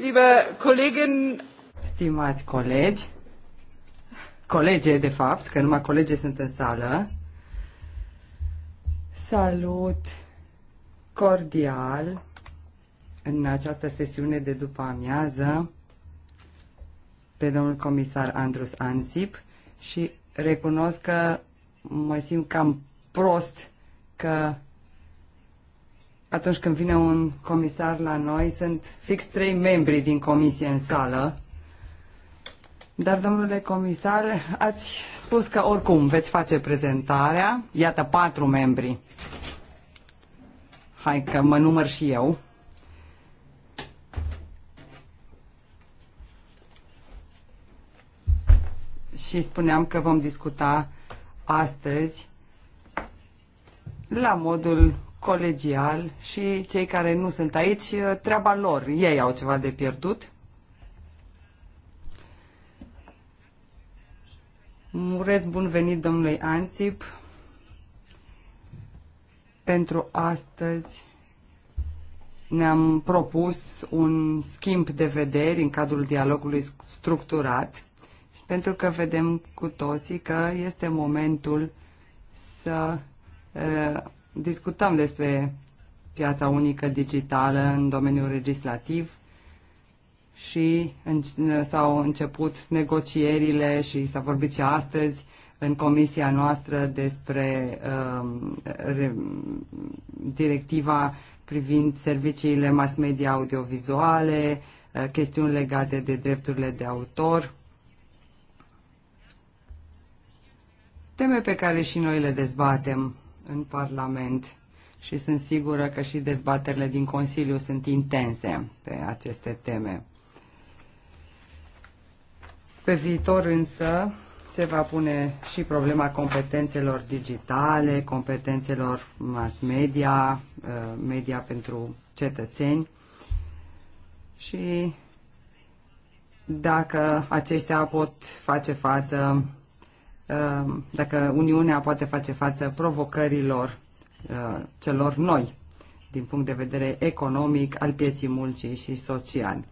liebe Kolleginnen. Stimați colegi, colege de fapt, că numai colege sunt în sală, salut cordial în această sesiune de după amiază pe domnul comisar Andrus Ansip și recunosc că mă simt cam prost că atunci când vine un comisar la noi, sunt fix trei membri din comisie în sală. Dar, domnule comisar, ați spus că oricum veți face prezentarea. Iată, patru membri. Hai că mă număr și eu. Și spuneam că vom discuta astăzi la modul colegial și cei care nu sunt aici, treaba lor, ei au ceva de pierdut. Urez bun venit domnului Anțip pentru astăzi ne-am propus un schimb de vederi în cadrul dialogului structurat, pentru că vedem cu toții că este momentul să discutăm despre piața unică digitală în domeniul legislativ și în, s-au început negocierile și s-a vorbit și astăzi în comisia noastră despre um, re, directiva privind serviciile mass media audiovizuale, uh, chestiuni legate de drepturile de autor. Teme pe care și noi le dezbatem în Parlament și sunt sigură că și dezbaterile din Consiliu sunt intense pe aceste teme. Pe viitor însă se va pune și problema competențelor digitale, competențelor mass media, uh, media pentru cetățeni și dacă aceștia pot face față Uh, dacă Uniunea poate face față provocărilor uh, celor noi din punct de vedere economic, al pieții muncii și social.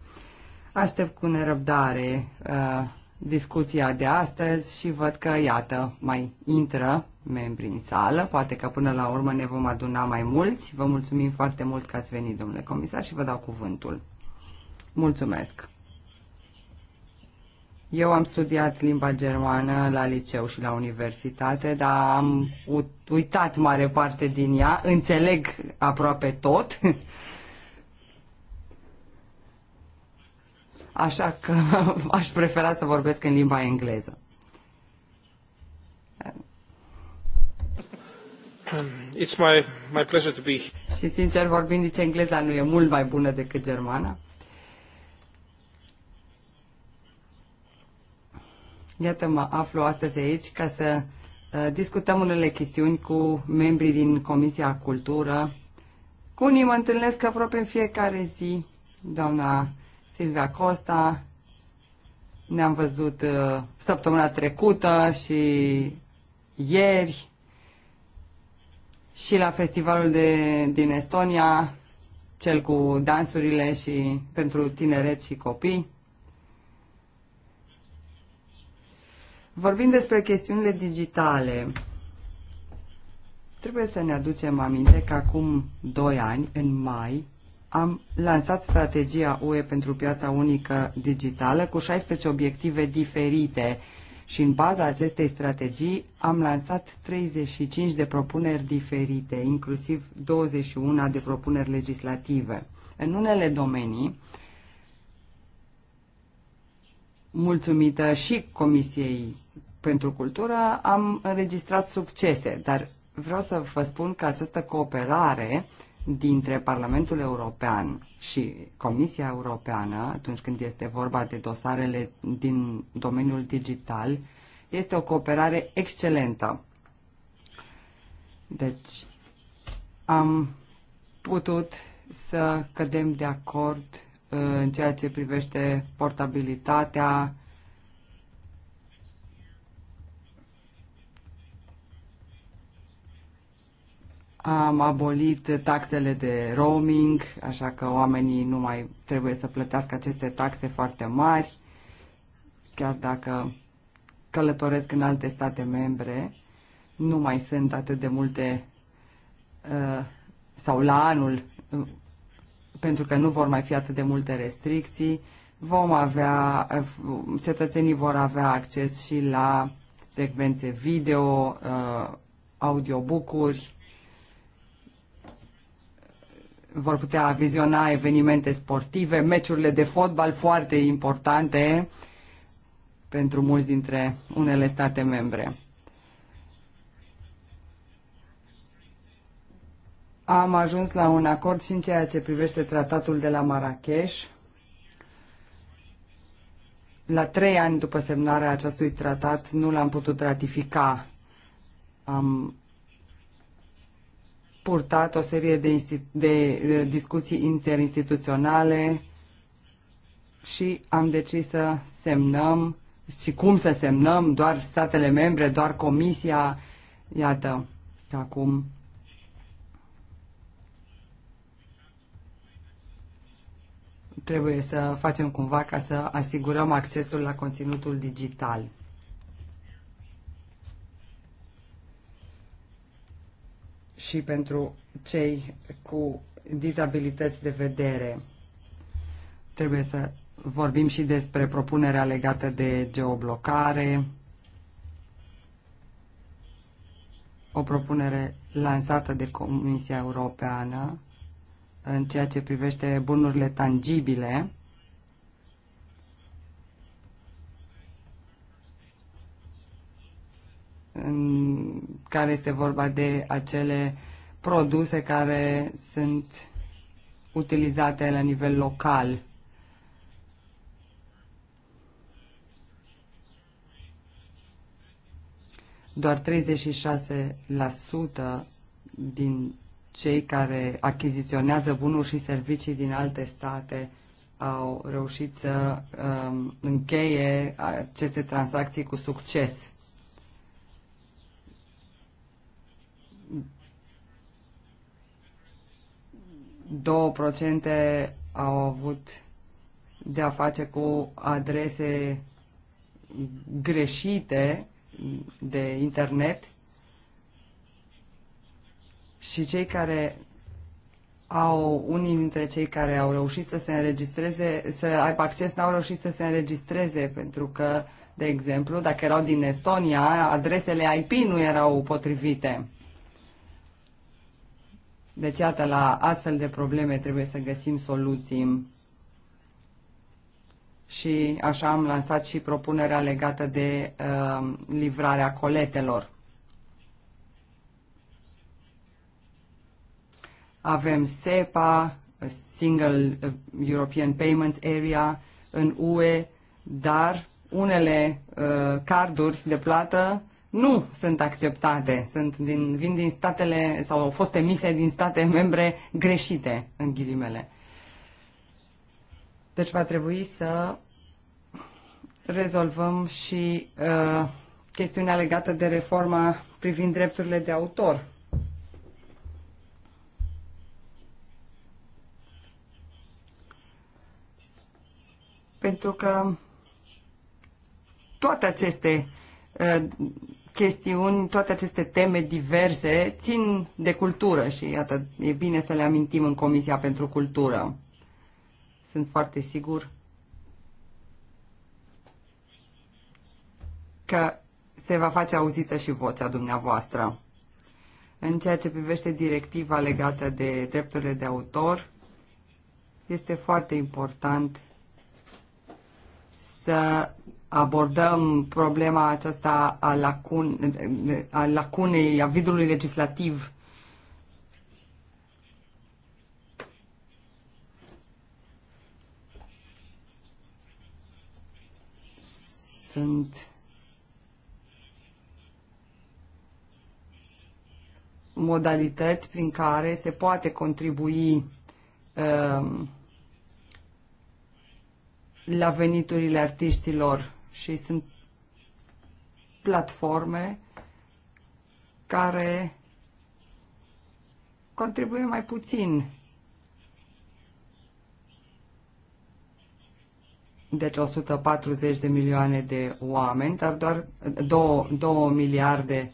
Aștept cu nerăbdare uh, discuția de astăzi și văd că, iată, mai intră membri în sală. Poate că până la urmă ne vom aduna mai mulți. Vă mulțumim foarte mult că ați venit, domnule comisar, și vă dau cuvântul. Mulțumesc! Eu am studiat limba germană la liceu și la universitate, dar am uitat mare parte din ea, înțeleg aproape tot. Așa că aș prefera să vorbesc în limba engleză. It's my, my pleasure to be... Și sincer vorbind, nici engleza nu e mult mai bună decât germana. Iată, mă aflu astăzi aici ca să uh, discutăm unele chestiuni cu membrii din Comisia Cultură. Cu unii mă întâlnesc aproape în fiecare zi, doamna Silvia Costa, ne-am văzut uh, săptămâna trecută și ieri și la festivalul de, din Estonia, cel cu dansurile și pentru tineret și copii. Vorbind despre chestiunile digitale. Trebuie să ne aducem aminte că acum 2 ani, în mai, am lansat strategia UE pentru piața unică digitală cu 16 obiective diferite și în baza acestei strategii am lansat 35 de propuneri diferite, inclusiv 21 de propuneri legislative. În unele domenii, mulțumită și Comisiei pentru cultură am înregistrat succese, dar vreau să vă spun că această cooperare dintre Parlamentul European și Comisia Europeană, atunci când este vorba de dosarele din domeniul digital, este o cooperare excelentă. Deci, am putut să cădem de acord uh, în ceea ce privește portabilitatea, Am abolit taxele de roaming, așa că oamenii nu mai trebuie să plătească aceste taxe foarte mari, chiar dacă călătoresc în alte state membre, nu mai sunt atât de multe uh, sau la anul, uh, pentru că nu vor mai fi atât de multe restricții, vom avea, uh, cetățenii vor avea acces și la secvențe video, audiobook-uri, vor putea viziona evenimente sportive, meciurile de fotbal foarte importante pentru mulți dintre unele state membre. Am ajuns la un acord și în ceea ce privește tratatul de la Marrakesh. La trei ani după semnarea acestui tratat nu l-am putut ratifica. Am purtat o serie de, de discuții interinstituționale și am decis să semnăm și cum să semnăm, doar statele membre, doar comisia, iată, acum trebuie să facem cumva ca să asigurăm accesul la conținutul digital. și pentru cei cu dizabilități de vedere. Trebuie să vorbim și despre propunerea legată de geoblocare, o propunere lansată de Comisia Europeană în ceea ce privește bunurile tangibile în care este vorba de acele produse care sunt utilizate la nivel local. Doar 36% din cei care achiziționează bunuri și servicii din alte state au reușit să um, încheie aceste tranzacții cu succes. 2% au avut de a face cu adrese greșite de internet și cei care au, unii dintre cei care au reușit să se înregistreze, să aibă acces, n-au reușit să se înregistreze, pentru că, de exemplu, dacă erau din Estonia, adresele IP nu erau potrivite. Deci, iată, la astfel de probleme trebuie să găsim soluții. Și așa am lansat și propunerea legată de uh, livrarea coletelor. Avem SEPA, Single uh, European Payments Area, în UE, dar unele uh, carduri de plată nu sunt acceptate, sunt din, vin din statele sau au fost emise din state membre greșite, în ghilimele. Deci va trebui să rezolvăm și uh, chestiunea legată de reforma privind drepturile de autor. Pentru că toate aceste uh, chestiuni, toate aceste teme diverse țin de cultură și iată, e bine să le amintim în Comisia pentru Cultură. Sunt foarte sigur că se va face auzită și vocea dumneavoastră. În ceea ce privește directiva legată de drepturile de autor, este foarte important să abordăm problema aceasta a, lacun, a lacunei, a vidului legislativ. Sunt modalități prin care se poate contribui um, la veniturile artiștilor și sunt platforme care contribuie mai puțin. Deci 140 de milioane de oameni, dar doar 2, 2 miliarde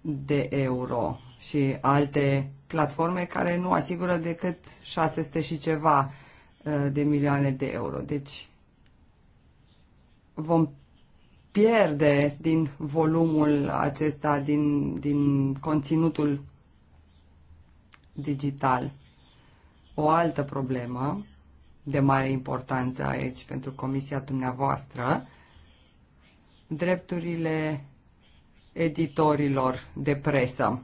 de euro și alte platforme care nu asigură decât 600 și ceva uh, de milioane de euro. Deci vom pierde din volumul acesta, din, din conținutul digital. O altă problemă de mare importanță aici pentru comisia dumneavoastră, drepturile editorilor de presă.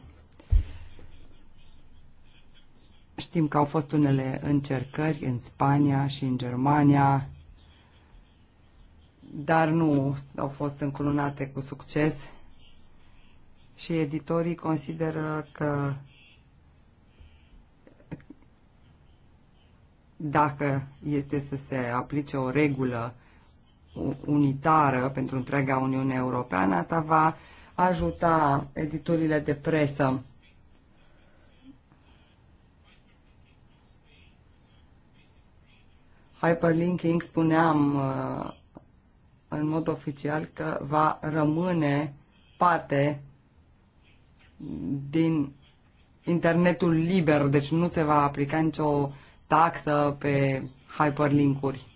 Știm că au fost unele încercări în Spania și în Germania dar nu au fost înclunate cu succes și editorii consideră că dacă este să se aplice o regulă unitară pentru întreaga Uniune Europeană, asta va ajuta editurile de presă. Hyperlinking, spuneam, uh, în mod oficial că va rămâne parte din internetul liber, deci nu se va aplica nicio taxă pe hyperlinkuri.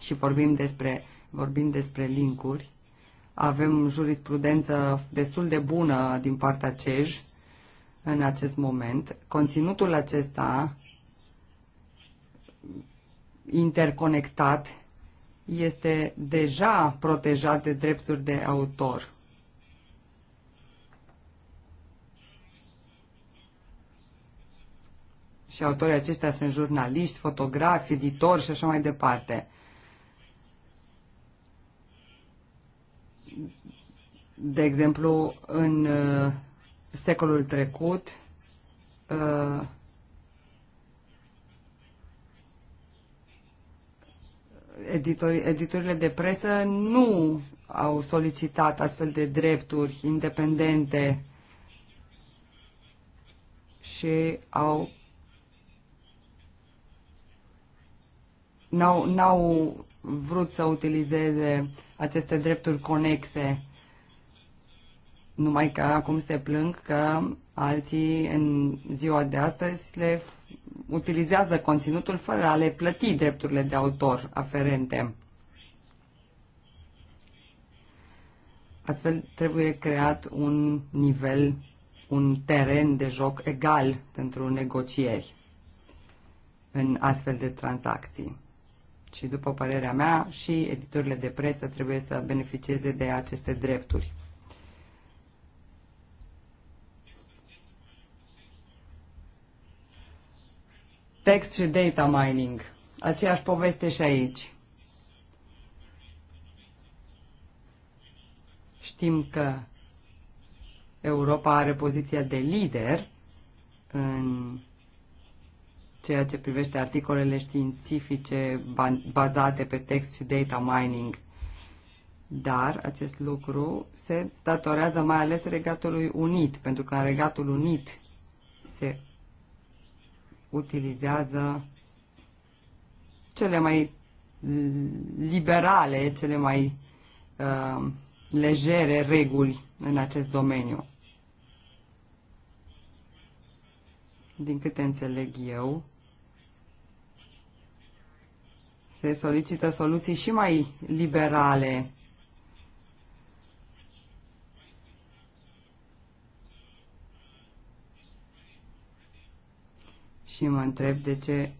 Și vorbim despre, vorbim despre linkuri. Avem jurisprudență destul de bună din partea CEJ în acest moment. Conținutul acesta interconectat este deja protejat de drepturi de autor. Și autorii aceștia sunt jurnaliști, fotografi, editori și așa mai departe. De exemplu, în uh, secolul trecut, uh, editori, editorile de presă nu au solicitat astfel de drepturi independente și au n-au, n-au vrut să utilizeze aceste drepturi conexe. Numai că acum se plâng că alții în ziua de astăzi le utilizează conținutul fără a le plăti drepturile de autor aferente. Astfel trebuie creat un nivel, un teren de joc egal pentru negocieri în astfel de tranzacții. Și după părerea mea, și editorile de presă trebuie să beneficieze de aceste drepturi. text și data mining. Aceeași poveste și aici. Știm că Europa are poziția de lider în ceea ce privește articolele științifice bazate pe text și data mining. Dar acest lucru se datorează mai ales Regatului Unit, pentru că în Regatul Unit se utilizează cele mai liberale, cele mai uh, legere reguli în acest domeniu. Din câte înțeleg eu, se solicită soluții și mai liberale și mă întreb de ce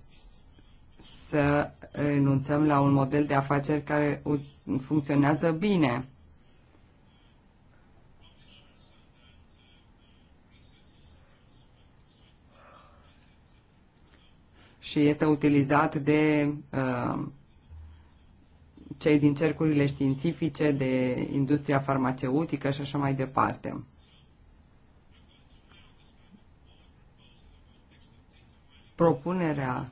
să renunțăm la un model de afaceri care funcționează bine. și este utilizat de uh, cei din cercurile științifice, de industria farmaceutică și așa mai departe. propunerea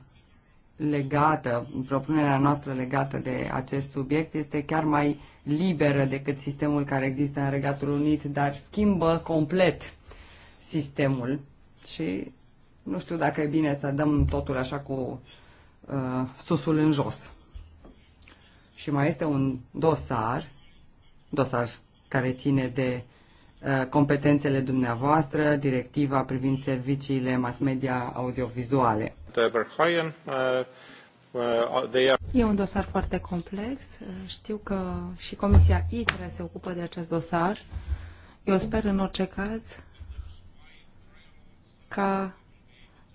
legată, propunerea noastră legată de acest subiect este chiar mai liberă decât sistemul care există în Regatul Unit, dar schimbă complet sistemul și nu știu dacă e bine să dăm totul așa cu uh, susul în jos. Și mai este un dosar, dosar care ține de Uh, competențele dumneavoastră, directiva privind serviciile mass media audiovizuale. E un dosar foarte complex. Știu că și Comisia ITRE se ocupă de acest dosar. Eu sper în orice caz ca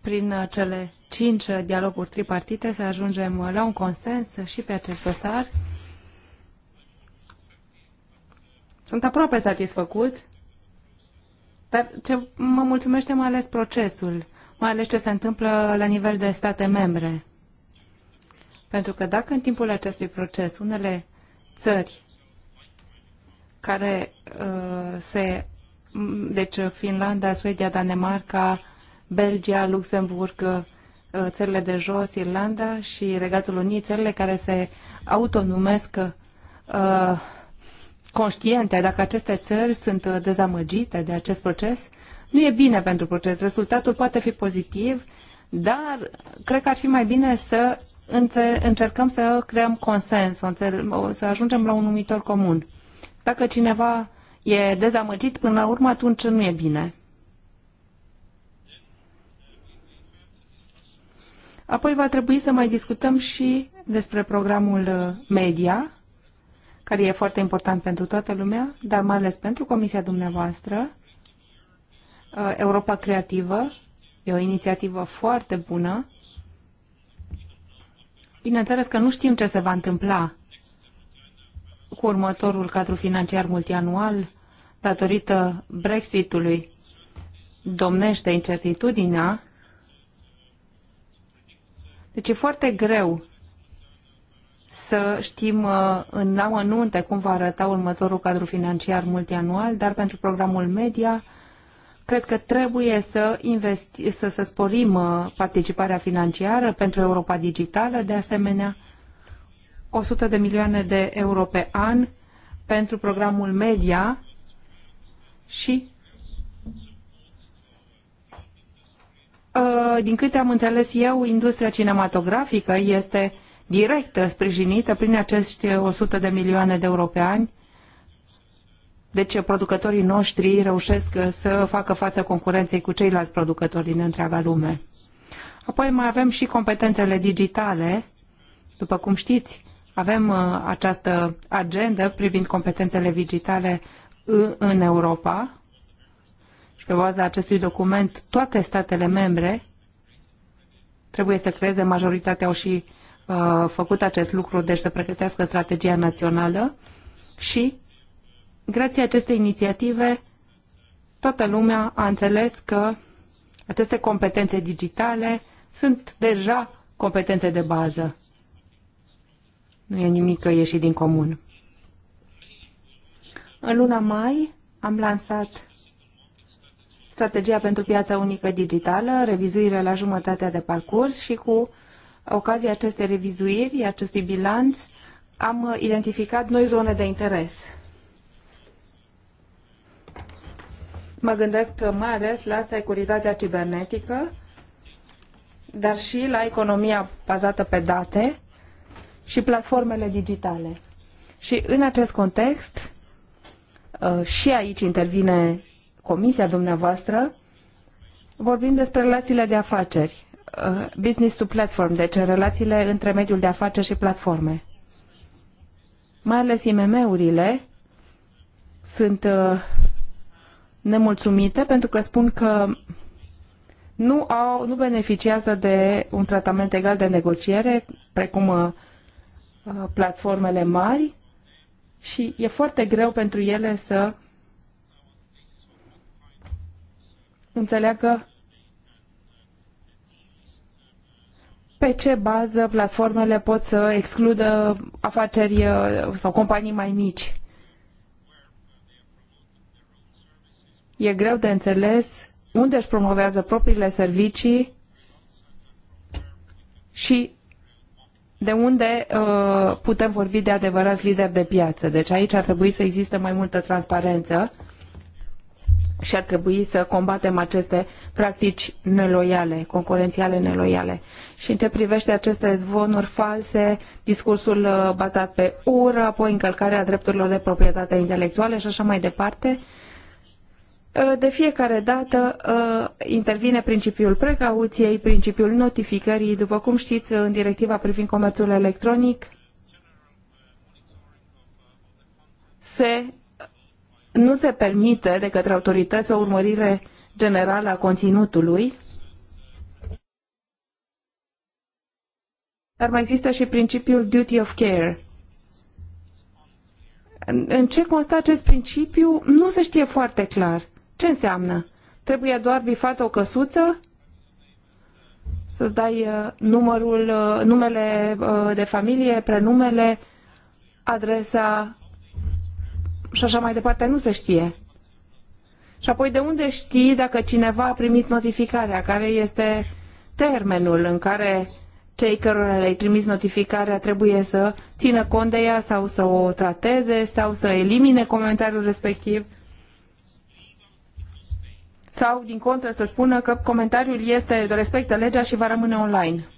prin cele cinci dialoguri tripartite să ajungem la un consens și pe acest dosar. Sunt aproape satisfăcut dar ce mă mulțumește mai ales procesul, mai ales ce se întâmplă la nivel de state membre. Pentru că dacă în timpul acestui proces unele țări care uh, se. Deci Finlanda, Suedia, Danemarca, Belgia, Luxemburg, uh, țările de jos, Irlanda și Regatul Unii, țările care se autonumesc uh, conștiente dacă aceste țări sunt uh, dezamăgite de acest proces. Nu e bine pentru proces. Rezultatul poate fi pozitiv, dar cred că ar fi mai bine să încercăm să creăm consens, să ajungem la un numitor comun. Dacă cineva e dezamăgit până la urmă, atunci nu e bine. Apoi va trebui să mai discutăm și despre programul uh, media, care e foarte important pentru toată lumea, dar mai ales pentru comisia dumneavoastră. Uh, Europa Creativă e o inițiativă foarte bună. Bineînțeles că nu știm ce se va întâmpla cu următorul cadru financiar multianual datorită Brexitului. Domnește incertitudinea deci e foarte greu să știm uh, în la anunte cum va arăta următorul cadru financiar multianual, dar pentru programul media cred că trebuie să, investi, să, să sporim uh, participarea financiară pentru Europa Digitală, de asemenea 100 de milioane de euro pe an pentru programul media și uh, din câte am înțeles eu, industria cinematografică este direct sprijinită prin acești 100 de milioane de europeani. Deci producătorii noștri reușesc să facă față concurenței cu ceilalți producători din întreaga lume. Apoi mai avem și competențele digitale. După cum știți, avem uh, această agendă privind competențele digitale uh, în Europa și pe baza acestui document toate statele membre trebuie să creeze majoritatea au și făcut acest lucru, deci să pregătească strategia națională și, grație acestei inițiative, toată lumea a înțeles că aceste competențe digitale sunt deja competențe de bază. Nu e nimic ieși din comun. În luna mai am lansat strategia pentru piața unică digitală, revizuire la jumătatea de parcurs și cu ocazia acestei revizuiri, acestui bilanț, am identificat noi zone de interes. Mă gândesc mai ales la securitatea cibernetică, dar și la economia bazată pe date și platformele digitale. Și în acest context, uh, și aici intervine comisia dumneavoastră, vorbim despre relațiile de afaceri Uh, business to platform, deci relațiile între mediul de afaceri și platforme. Mai ales IMM-urile sunt uh, nemulțumite pentru că spun că nu, au, nu beneficiază de un tratament egal de negociere, precum uh, platformele mari, și e foarte greu pentru ele să înțeleagă pe ce bază platformele pot să excludă afaceri uh, sau companii mai mici. E greu de înțeles unde își promovează propriile servicii și de unde uh, putem vorbi de adevărați lideri de piață. Deci aici ar trebui să existe mai multă transparență și ar trebui să combatem aceste practici neloiale, concurențiale neloiale. Și în ce privește aceste zvonuri false, discursul uh, bazat pe ură, apoi încălcarea drepturilor de proprietate intelectuală și așa mai departe, uh, de fiecare dată uh, intervine principiul precauției, principiul notificării, după cum știți, în directiva privind comerțul electronic, se nu se permite de către autorități o urmărire generală a conținutului, dar mai există și principiul duty of care. În ce constă acest principiu nu se știe foarte clar. Ce înseamnă? Trebuie doar bifată o căsuță? Să-ți dai uh, numărul, uh, numele uh, de familie, prenumele, adresa și așa mai departe, nu se știe. Și apoi de unde știi dacă cineva a primit notificarea, care este termenul în care cei cărora le-ai trimis notificarea trebuie să țină cont de ea sau să o trateze sau să elimine comentariul respectiv sau din contră să spună că comentariul este respectă legea și va rămâne online.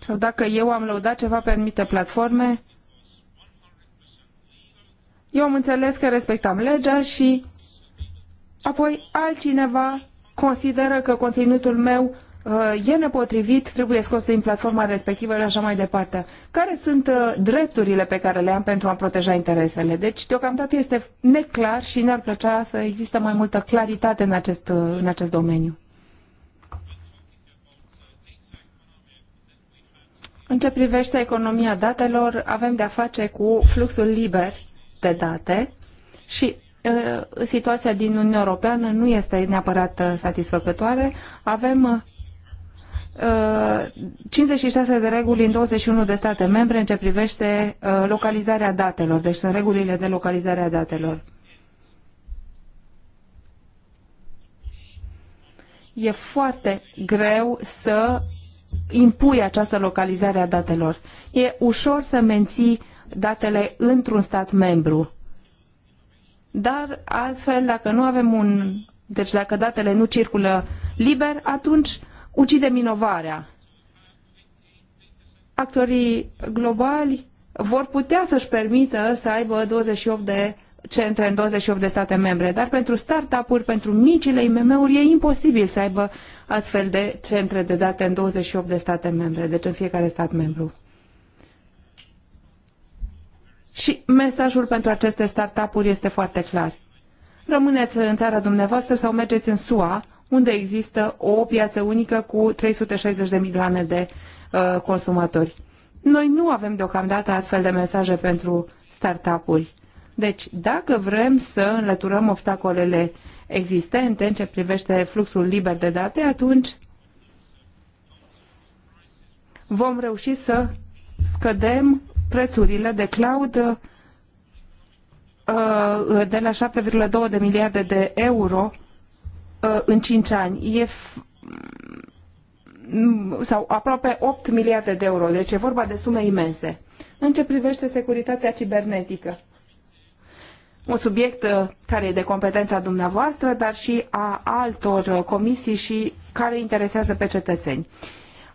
Sau dacă eu am lăudat ceva pe anumite platforme, eu am înțeles că respectam legea și apoi altcineva consideră că conținutul meu uh, e nepotrivit, trebuie scos din platforma respectivă și așa mai departe. Care sunt uh, drepturile pe care le am pentru a proteja interesele? Deci, deocamdată este neclar și ne-ar plăcea să existe mai multă claritate în acest, uh, în acest domeniu. În ce privește economia datelor, avem de-a face cu fluxul liber de date și situația din Uniunea Europeană nu este neapărat satisfăcătoare. Avem 56 de reguli în 21 de state membre în ce privește localizarea datelor, deci sunt regulile de localizare a datelor. E foarte greu să impui această localizare a datelor. E ușor să menții uh, datele într-un stat membru. Dar astfel, dacă nu avem un... Deci dacă datele nu circulă liber, atunci ucidem inovarea. Actorii globali vor putea să-și permită să aibă 28 de centre în 28 de state membre, dar pentru startup-uri, pentru micile IMM-uri e imposibil să aibă astfel de centre de date în 28 de state membre, deci în fiecare stat membru. Și mesajul pentru aceste startup-uri este foarte clar. Rămâneți în țara dumneavoastră sau mergeți în SUA, unde există o piață unică cu 360 de milioane de uh, consumatori. Noi nu avem deocamdată astfel de mesaje pentru startup-uri. Deci, dacă vrem să înlăturăm obstacolele existente în ce privește fluxul liber de date, atunci vom reuși să scădem prețurile de cloud uh, uh, de la 7,2 de miliarde de euro uh, în 5 ani. E mm, sau aproape 8 miliarde de euro, deci e vorba de sume imense. În ce privește securitatea cibernetică? Un subiect care e de competența dumneavoastră, dar și a altor comisii și care interesează pe cetățeni. Uh,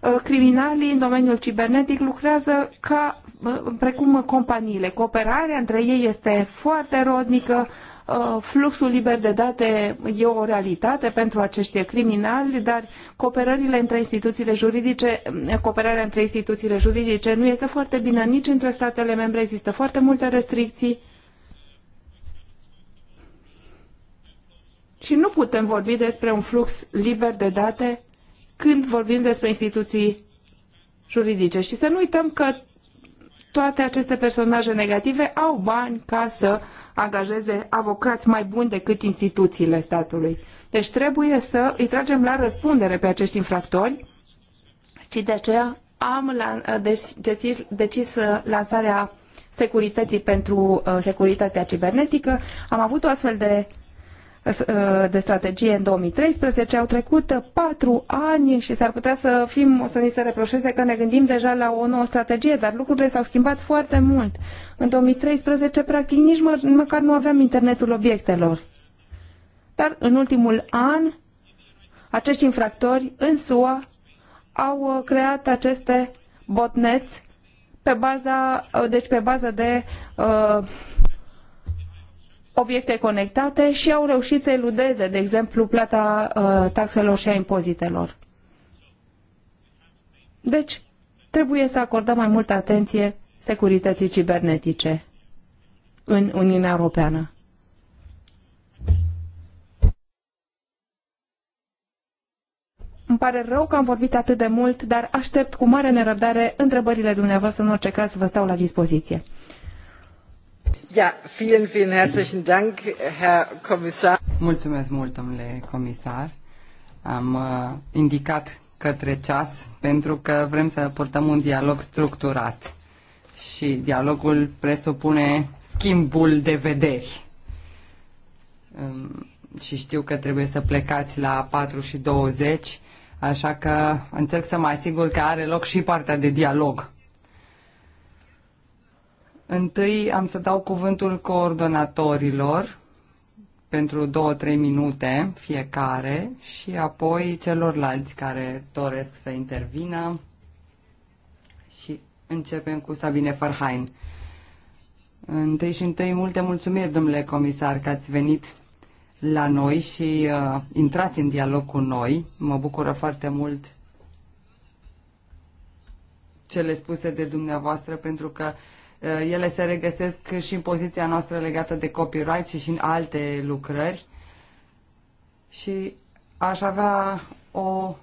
Uh, criminalii în domeniul cibernetic lucrează ca uh, precum companiile. Cooperarea între ei este foarte rodnică, uh, fluxul liber de date e o realitate pentru acești criminali, dar cooperările între instituțiile juridice, cooperarea între instituțiile juridice nu este foarte bine nici între statele membre, există foarte multe restricții. Și nu putem vorbi despre un flux liber de date când vorbim despre instituții juridice. Și să nu uităm că toate aceste personaje negative au bani ca să angajeze avocați mai buni decât instituțiile statului. Deci trebuie să îi tragem la răspundere pe acești infractori și de aceea am deci, decis, decis uh, lansarea securității pentru uh, securitatea cibernetică. Am avut o astfel de de strategie în 2013, au trecut patru ani și s-ar putea să fim, să ni se reproșeze că ne gândim deja la o nouă strategie, dar lucrurile s-au schimbat foarte mult. În 2013, practic, nici mă, măcar nu aveam internetul obiectelor. Dar în ultimul an, acești infractori în SUA au uh, creat aceste botneți pe baza, uh, deci pe baza de uh, obiecte conectate și au reușit să eludeze, de exemplu, plata uh, taxelor și a impozitelor. Deci, trebuie să acordăm mai multă atenție securității cibernetice în Uniunea Europeană. Îmi pare rău că am vorbit atât de mult, dar aștept cu mare nerăbdare întrebările dumneavoastră. În orice caz, vă stau la dispoziție. Mulțumesc mult, domnule comisar. Am uh, indicat către ceas pentru că vrem să purtăm un dialog structurat și dialogul presupune schimbul de vederi. Um, și știu că trebuie să plecați la 4 și 20, așa că încerc să mă asigur că are loc și partea de dialog. Întâi am să dau cuvântul coordonatorilor pentru două-trei minute fiecare și apoi celorlalți care doresc să intervină și începem cu Sabine Farhain. Întâi și întâi multe mulțumiri, domnule comisar, că ați venit la noi și uh, intrați în dialog cu noi. Mă bucură foarte mult cele spuse de dumneavoastră pentru că uh, Eh, ele se regăsesc și în poziția noastră legată de copyright și și în alte lucrări. Și aș avea o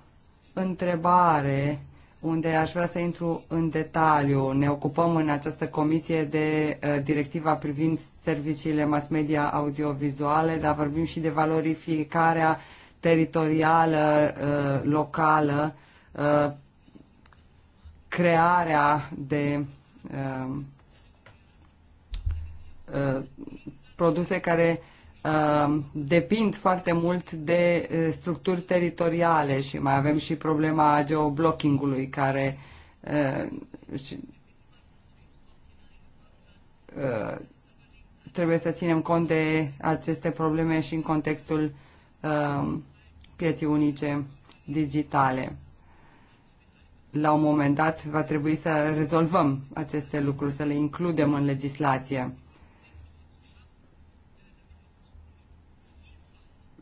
întrebare unde aș vrea să intru în detaliu. Ne ocupăm în această comisie de uh, directiva privind serviciile mass media audiovizuale, dar vorbim și de valorificarea teritorială, uh, locală, uh, crearea de uh, Uh, produse care uh, depind foarte mult de uh, structuri teritoriale și mai avem și problema geoblockingului care trebuie să ținem cont de aceste probleme și în contextul pieții unice digitale. La un moment dat va trebui să rezolvăm aceste lucruri, să le includem în legislație.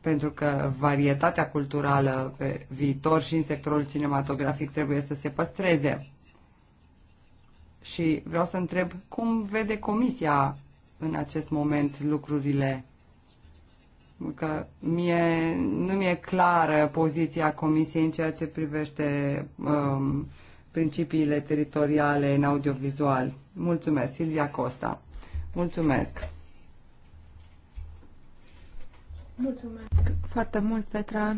pentru că varietatea culturală pe viitor și în sectorul cinematografic trebuie să se păstreze. Și vreau să întreb cum vede Comisia în acest moment lucrurile. Că mie, nu mi-e clară poziția Comisiei în ceea ce privește um, principiile teritoriale în audiovizual. Mulțumesc, Silvia Costa. Mulțumesc. Mulțumesc foarte mult, Petra.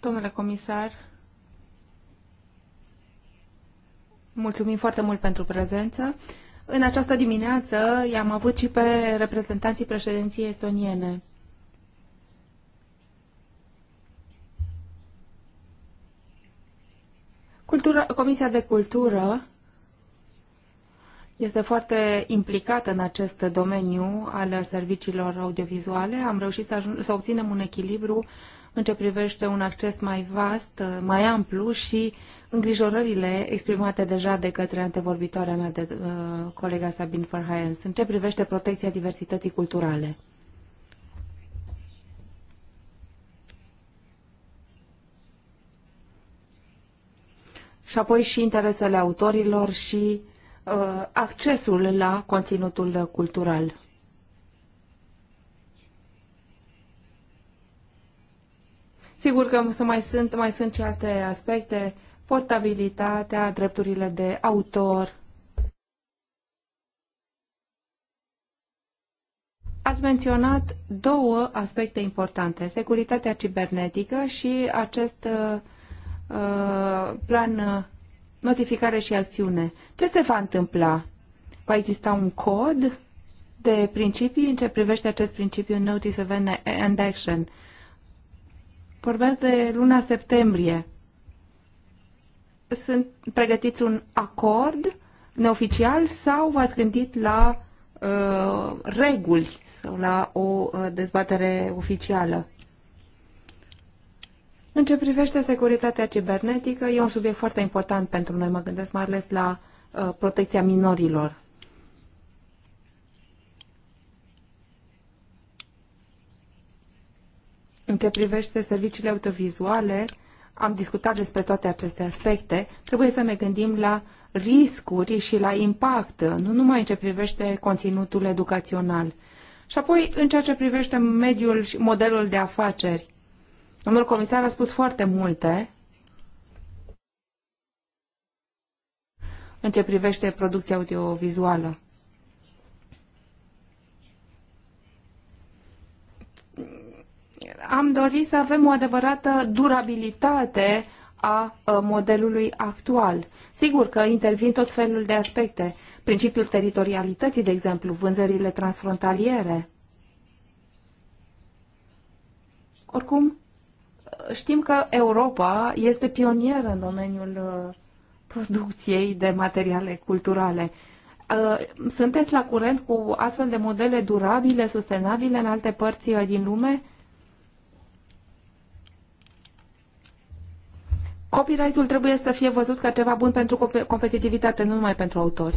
Domnule comisar, mulțumim foarte mult pentru prezență. În această dimineață i-am avut și pe reprezentanții președinției estoniene. Cultura, Comisia de Cultură este foarte implicată în acest domeniu al serviciilor audiovizuale. Am reușit să, ajung, să obținem un echilibru în ce privește un acces mai vast, mai amplu și îngrijorările exprimate deja de către antevorbitoarea mea de uh, colega Sabine Verhaens în ce privește protecția diversității culturale. Și apoi și interesele autorilor și Uh, accesul la conținutul cultural. Sigur că mai sunt, mai sunt și alte aspecte, portabilitatea, drepturile de autor. Ați menționat două aspecte importante, securitatea cibernetică și acest uh, uh plan notificare și acțiune. Ce se va întâmpla? Va exista un cod de principii în ce privește acest principiu Notice of and Action? Vorbeați de luna septembrie. Sunt pregătiți un acord neoficial sau v-ați gândit la uh, reguli sau la o uh, dezbatere oficială? În ce privește securitatea cibernetică, e un subiect foarte important pentru noi. Mă gândesc mai ales la uh, protecția minorilor. În ce privește serviciile autovizuale, am discutat despre toate aceste aspecte. Trebuie să ne gândim la riscuri și la impact, nu numai în ce privește conținutul educațional. Și apoi, în ceea ce privește mediul și modelul de afaceri, Domnul comisar a spus foarte multe în ce privește producția audiovizuală. Am dorit să avem o adevărată durabilitate a modelului actual. Sigur că intervin tot felul de aspecte. Principiul teritorialității, de exemplu, vânzările transfrontaliere. Oricum, știm că Europa este pionieră în domeniul uh, producției de materiale culturale. Uh, sunteți la curent cu astfel de modele durabile, sustenabile în alte părți uh, din lume? Copyright-ul trebuie să fie văzut ca ceva bun pentru competitivitate, nu numai pentru autori.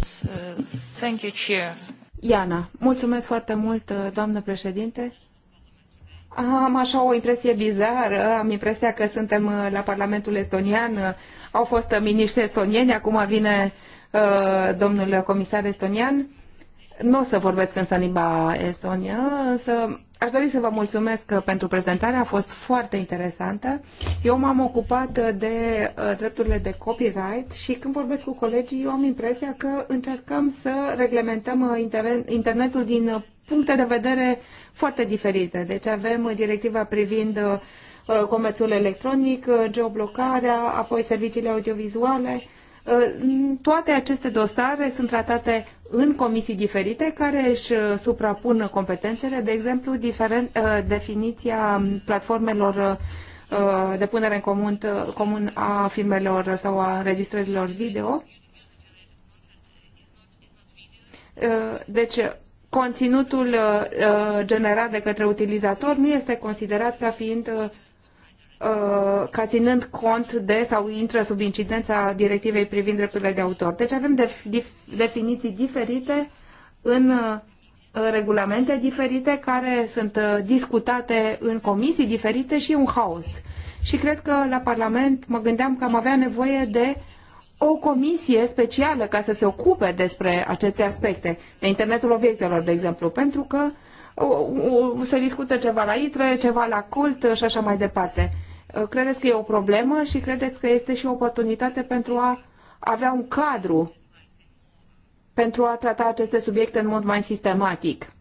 Thank you, Chair. Iana, mulțumesc foarte mult, doamnă președinte. Am așa o impresie bizară, am impresia că suntem uh, la Parlamentul Estonian, uh, au fost uh, miniștri estonieni, acum vine uh, domnul comisar estonian. Nu o să vorbesc însă în limba estonia, însă aș dori să vă mulțumesc pentru prezentare, a fost foarte interesantă. Eu m-am ocupat de drepturile de copyright și când vorbesc cu colegii, eu am impresia că încercăm să reglementăm internetul din puncte de vedere foarte diferite. Deci avem directiva privind uh, uh, comerțul electronic, uh, geoblocarea, apoi serviciile audiovizuale. Toate aceste dosare sunt tratate în comisii diferite care își suprapun competențele, de exemplu, diferent, definiția platformelor de punere în comun, comun a filmelor sau a registrărilor video. Deci, conținutul uh, uh, generat de către utilizator nu este considerat ca fiind uh, uh, ca ținând cont de sau intră sub incidența directivei privind drepturile de autor. Deci avem def, dif, definiții diferite în uh, regulamente diferite care sunt uh, discutate în comisii diferite și un haos. Și cred că la Parlament mă gândeam că am avea nevoie de uh, o comisie specială ca să se ocupe despre aceste aspecte, de internetul obiectelor, de exemplu, pentru că o, o, se discută ceva la ITRE, ceva la CULT și așa mai departe. Credeți că e o problemă și credeți că este și o oportunitate pentru a avea un cadru pentru a trata aceste subiecte în mod mai sistematic?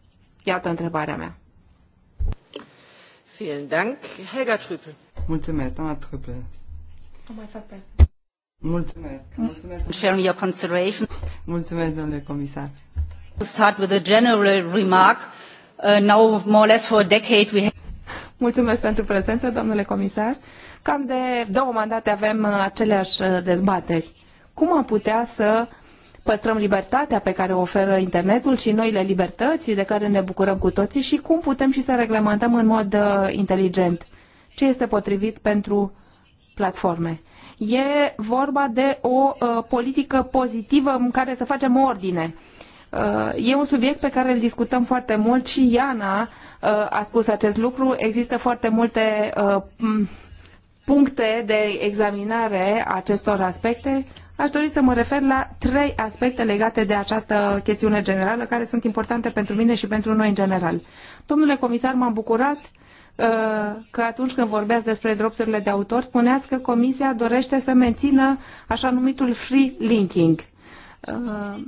Iată întrebarea mea. Vielen Dank, Helga Trüppel. Mulțumesc, doamna Trüppel. O mai fac pe asta. Mulțumesc. Mm. Mulțumesc. Sharing your consideration. Mulțumesc, domnule comisar. To start with a general remark, uh, now more or less for a decade we have... Mulțumesc pentru prezență, domnule comisar. Cam de două mandate avem uh, aceleași uh, dezbateri. Cum am putea să păstrăm libertatea pe care o oferă internetul și noile libertăți de care ne bucurăm cu toții și cum putem și să reglementăm în mod uh, inteligent ce este potrivit pentru platforme. E vorba de o uh, politică pozitivă în care să facem ordine. Uh, e un subiect pe care îl discutăm foarte mult și Iana uh, a spus acest lucru. Există foarte multe puncte de examinare a acestor aspecte. Aș dori să mă refer la trei aspecte legate de această chestiune generală care sunt importante pentru mine și pentru noi în general. Domnule comisar, m-am bucurat uh, Uh, că atunci când vorbeați despre drepturile de autor, spuneați că Comisia dorește să mențină așa numitul free linking. Uh,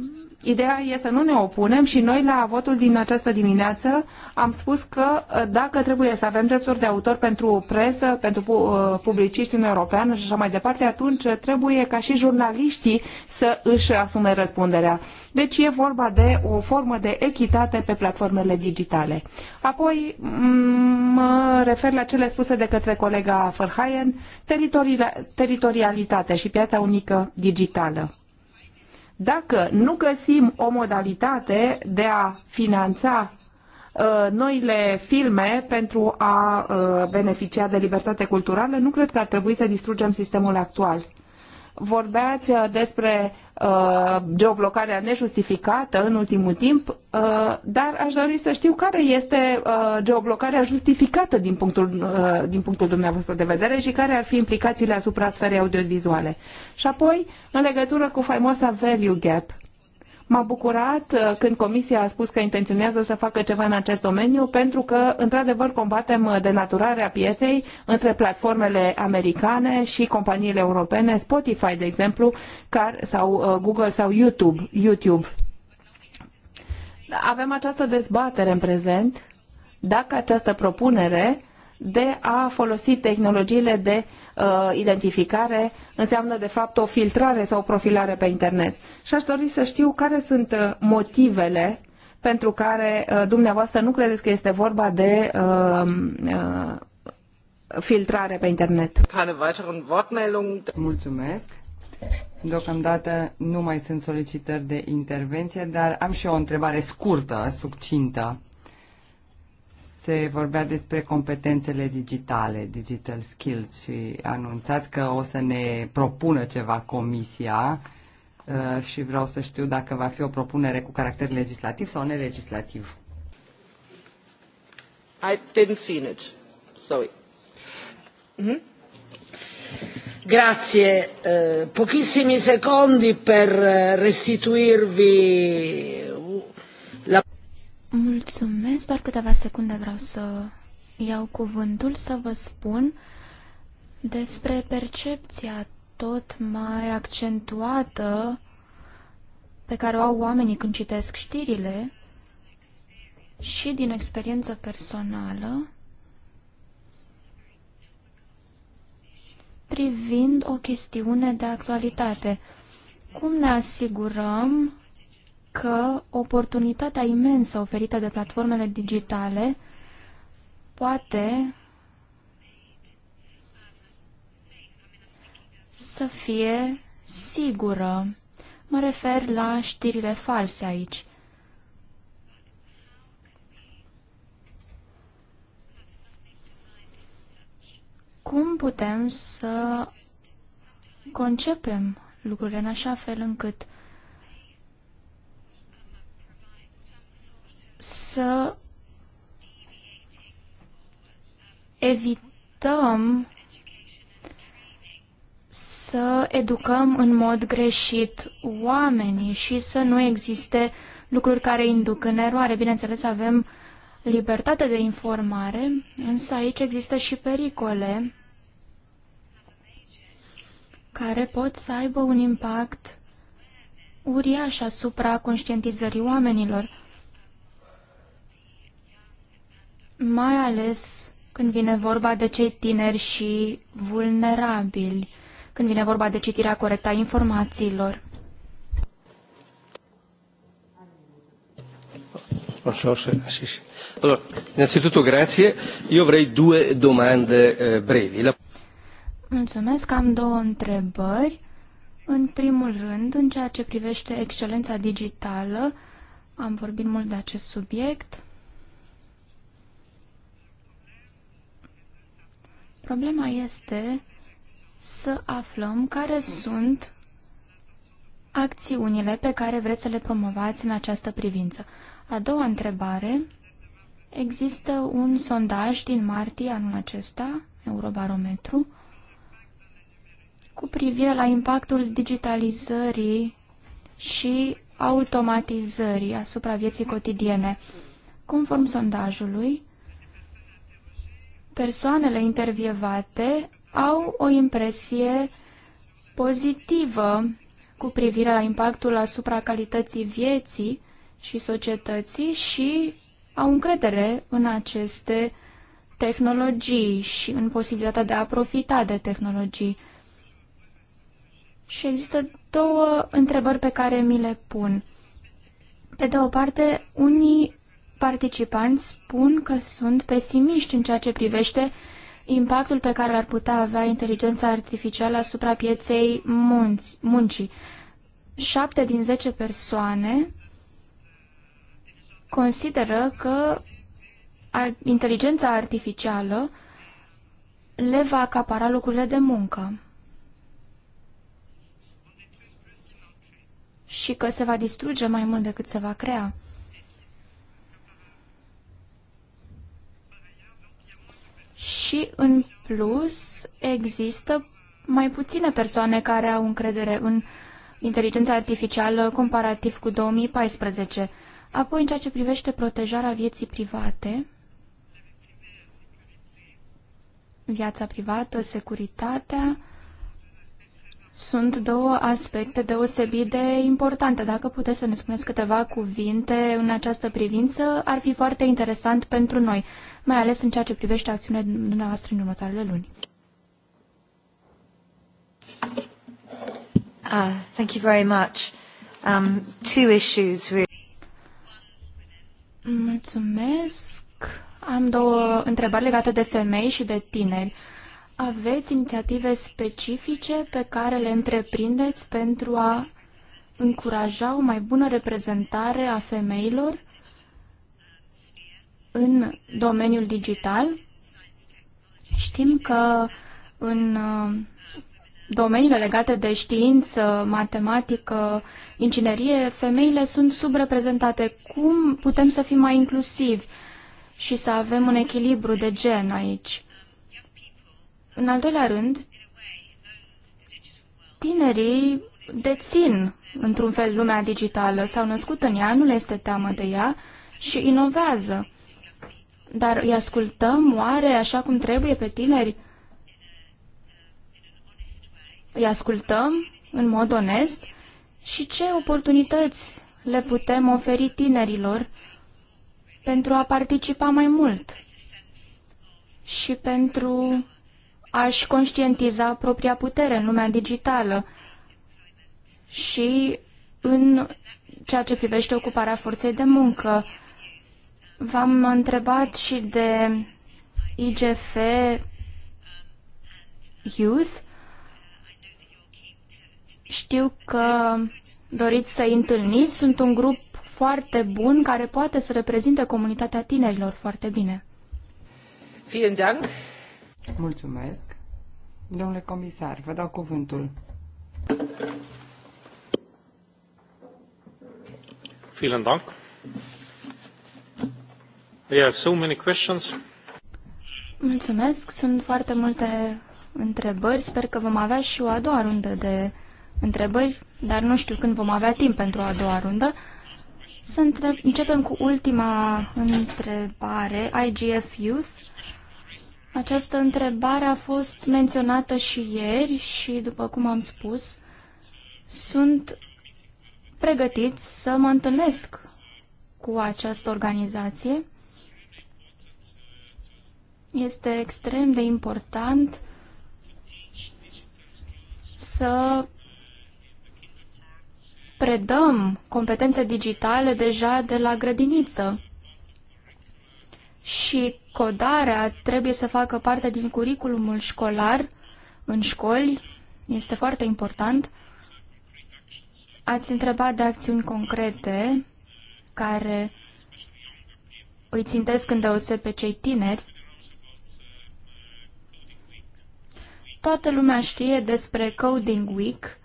Ideea e să nu ne opunem și noi la votul din această dimineață am spus că uh, dacă trebuie să avem drepturi de autor pentru presă, pentru uh, publiciști în european și așa mai departe, atunci trebuie ca și jurnaliștii să își asume răspunderea. Deci e vorba de o formă de echitate pe platformele digitale. Apoi mă refer la cele spuse de către colega Verheyen, teritorialitate și piața unică digitală. Dacă nu găsim o modalitate de a finanța uh, noile filme pentru a uh, beneficia de libertate culturală, nu cred că ar trebui să distrugem sistemul actual. Vorbeați uh, despre uh, geoblocarea nejustificată în ultimul timp, uh, dar aș dori să știu care este uh, geoblocarea justificată din punctul, uh, din punctul dumneavoastră de vedere și care ar fi implicațiile asupra sferei audiovizuale. Și apoi, în legătură cu faimoasa value gap, M-a bucurat uh, când Comisia a spus că intenționează să facă ceva în acest domeniu, pentru că, într-adevăr, combatem uh, denaturarea pieței între platformele americane și companiile europene, Spotify, de exemplu, sau uh, Google sau YouTube. YouTube. Avem această dezbatere în prezent dacă această propunere de a folosi tehnologiile de uh, identificare, înseamnă de fapt o filtrare sau o profilare pe internet. Și aș dori să știu care sunt uh, motivele pentru care uh, dumneavoastră nu credeți că este vorba de uh, uh, filtrare pe internet. Mulțumesc. Deocamdată nu mai sunt solicitări de intervenție, dar am și eu o întrebare scurtă, succintă se vorbea despre competențele digitale, digital skills și anunțați că o să ne propună ceva comisia uh, și vreau să știu dacă va fi o propunere cu caracter legislativ sau nelegislativ. I didn't see it. Sorry. Mm-hmm. Grazie, eh, pochissimi secondi per eh, restituirvi Mulțumesc, doar câteva secunde vreau să iau cuvântul să vă spun despre percepția tot mai accentuată pe care o au oamenii când citesc știrile și din experiență personală privind o chestiune de actualitate. Cum ne asigurăm că oportunitatea imensă oferită de platformele digitale poate să fie sigură. Mă refer la știrile false aici. Cum putem să concepem lucrurile în așa fel încât să evităm să educăm în mod greșit oamenii și să nu existe lucruri care induc în eroare. Bineînțeles, avem libertate de informare, însă aici există și pericole care pot să aibă un impact uriaș asupra conștientizării oamenilor. mai ales când vine vorba de cei tineri și vulnerabili, când vine vorba de citirea corectă a informațiilor. Allora, innanzitutto grazie. Io avrei due domande eh, brevi. La... Mulțumesc, am două întrebări. În primul rând, în ceea ce privește excelența digitală, am vorbit mult de acest subiect. Problema este să aflăm care sunt acțiunile pe care vreți să le promovați în această privință. A doua întrebare. Există un sondaj din martie anul acesta, Eurobarometru, cu privire la impactul digitalizării și automatizării asupra vieții cotidiene. Conform sondajului, persoanele intervievate au o impresie pozitivă cu privire la impactul asupra calității vieții și societății și au încredere în aceste tehnologii și în posibilitatea de a profita de tehnologii. Și există două întrebări pe care mi le pun. Pe de o parte, unii participanți spun că sunt pesimiști în ceea ce privește impactul pe care ar putea avea inteligența artificială asupra pieței munți, muncii. Șapte din zece persoane consideră că inteligența artificială le va acapara locurile de muncă și că se va distruge mai mult decât se va crea. și, în plus, există mai puține persoane care au încredere în inteligența artificială comparativ cu 2014. Apoi, în ceea ce privește protejarea vieții private, viața privată, securitatea, sunt două aspecte deosebit de importante. Dacă puteți să ne spuneți câteva cuvinte în această privință, ar fi foarte interesant pentru noi, mai ales în ceea ce privește acțiunea dumneavoastră în următoarele luni. Uh, thank you very much. Um, two issues really. Mulțumesc. Am două întrebări legate de femei și de tineri. Uh, aveți inițiative specifice pe care le întreprindeți pentru a încuraja o mai bună reprezentare a femeilor în domeniul digital? Știm că în uh, domeniile legate de știință, matematică, inginerie, femeile sunt subreprezentate. Cum putem să fim mai inclusivi și să avem un echilibru de gen aici? În al doilea rând, tinerii dețin într-un fel lumea digitală, s-au născut în ea, nu le este teamă de ea și inovează. Dar îi ascultăm oare așa cum trebuie pe tineri? Îi ascultăm în mod onest? Și ce oportunități le putem oferi tinerilor pentru a participa mai mult și pentru a conștientiza propria putere în lumea digitală și în ceea ce privește ocuparea forței de muncă. V-am întrebat și de IGF Youth. Știu că doriți să-i întâlniți. Sunt un grup foarte bun care poate să reprezinte comunitatea tinerilor foarte bine. Vielen Dank. Mulțumesc. Domnule comisar, vă dau cuvântul. Vielen Dank. Yeah, so many questions. Mulțumesc, sunt foarte multe întrebări. Sper că vom avea și o a doua rundă de întrebări, dar nu știu când vom avea timp pentru a doua rundă. Să începem cu ultima întrebare, IGF Youth. Această întrebare a fost menționată și ieri și, după cum am spus, sunt pregătit să mă întâlnesc cu această organizație. Este extrem de important să predăm competențe digitale deja de la grădiniță și codarea trebuie să facă parte din curriculumul școlar în școli. Este foarte important. Ați întrebat de acțiuni concrete care îi țintesc deoseb pe cei tineri. Toată lumea știe despre Coding Week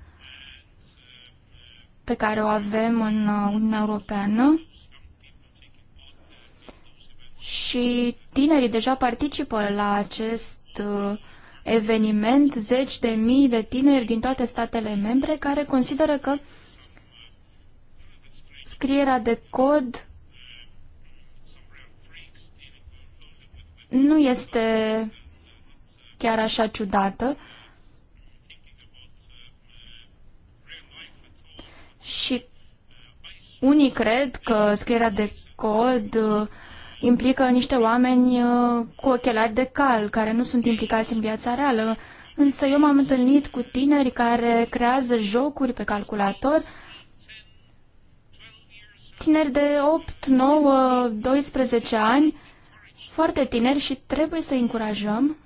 pe care o avem în Uniunea Europeană și tinerii deja participă la acest uh, eveniment, zeci de mii de tineri din toate statele membre care consideră că scrierea de cod nu este chiar așa ciudată și unii cred că scrierea de cod uh, implică niște oameni uh, cu ochelari de cal, care nu sunt implicați în viața reală. Însă eu m-am întâlnit cu tineri care creează jocuri pe calculator, tineri de 8, 9, 12 ani, foarte tineri și trebuie să încurajăm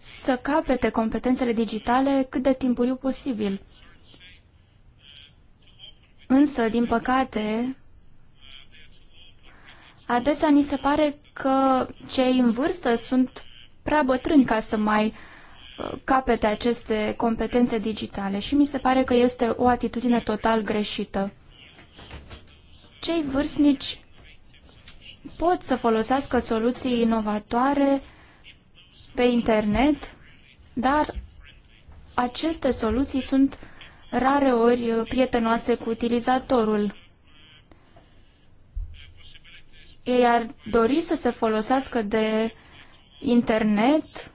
să capete competențele digitale cât de timpuriu posibil. Însă, din păcate, adesea ni se pare că cei în vârstă sunt prea bătrâni ca să mai uh, capete aceste competențe digitale și mi se pare că este o atitudine total greșită. Cei vârstnici pot să folosească soluții inovatoare pe internet, dar aceste soluții sunt rareori prietenoase cu utilizatorul. Ei ar dori să se folosească de internet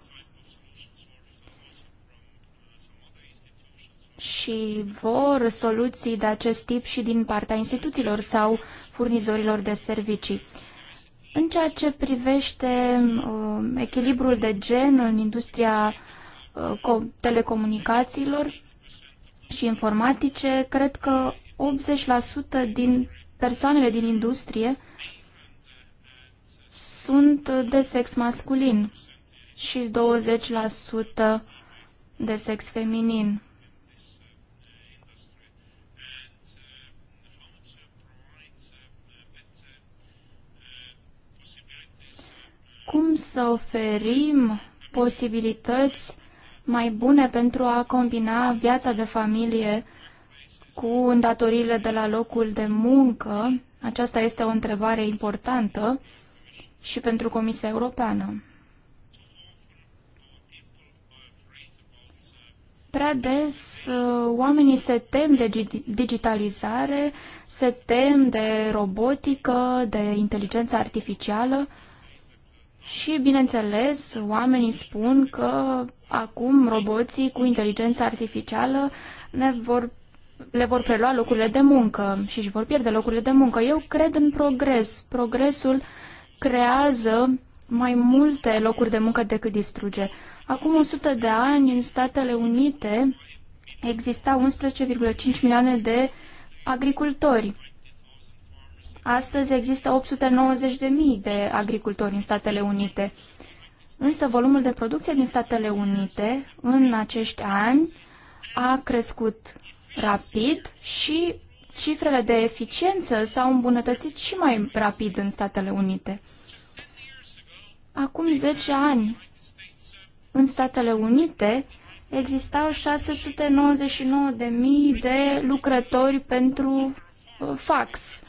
și vor soluții de acest tip și din partea instituțiilor sau furnizorilor de servicii. În ceea ce privește uh, echilibrul de gen în industria uh, telecomunicațiilor, și informatice, cred că 80% din persoanele din industrie sunt de sex masculin și 20% de sex feminin. Cum să oferim posibilități mai bune pentru a combina viața de familie cu îndatoririle de la locul de muncă? Aceasta este o întrebare importantă și pentru Comisia Europeană. Prea des uh, oamenii se tem de digitalizare, se tem de robotică, de inteligență artificială și, bineînțeles, oamenii spun că acum roboții cu inteligență artificială ne vor, le vor prelua locurile de muncă și își vor pierde locurile de muncă. Eu cred în progres. Progresul creează mai multe locuri de muncă decât distruge. Acum 100 de ani, în Statele Unite, exista 11,5 milioane de agricultori. Astăzi există 890.000 de agricultori în Statele Unite. Însă volumul de producție din Statele Unite în acești ani a crescut rapid și cifrele de eficiență s-au îmbunătățit și mai rapid în Statele Unite. Acum 10 ani, în Statele Unite, existau 699.000 de lucrători pentru uh, fax.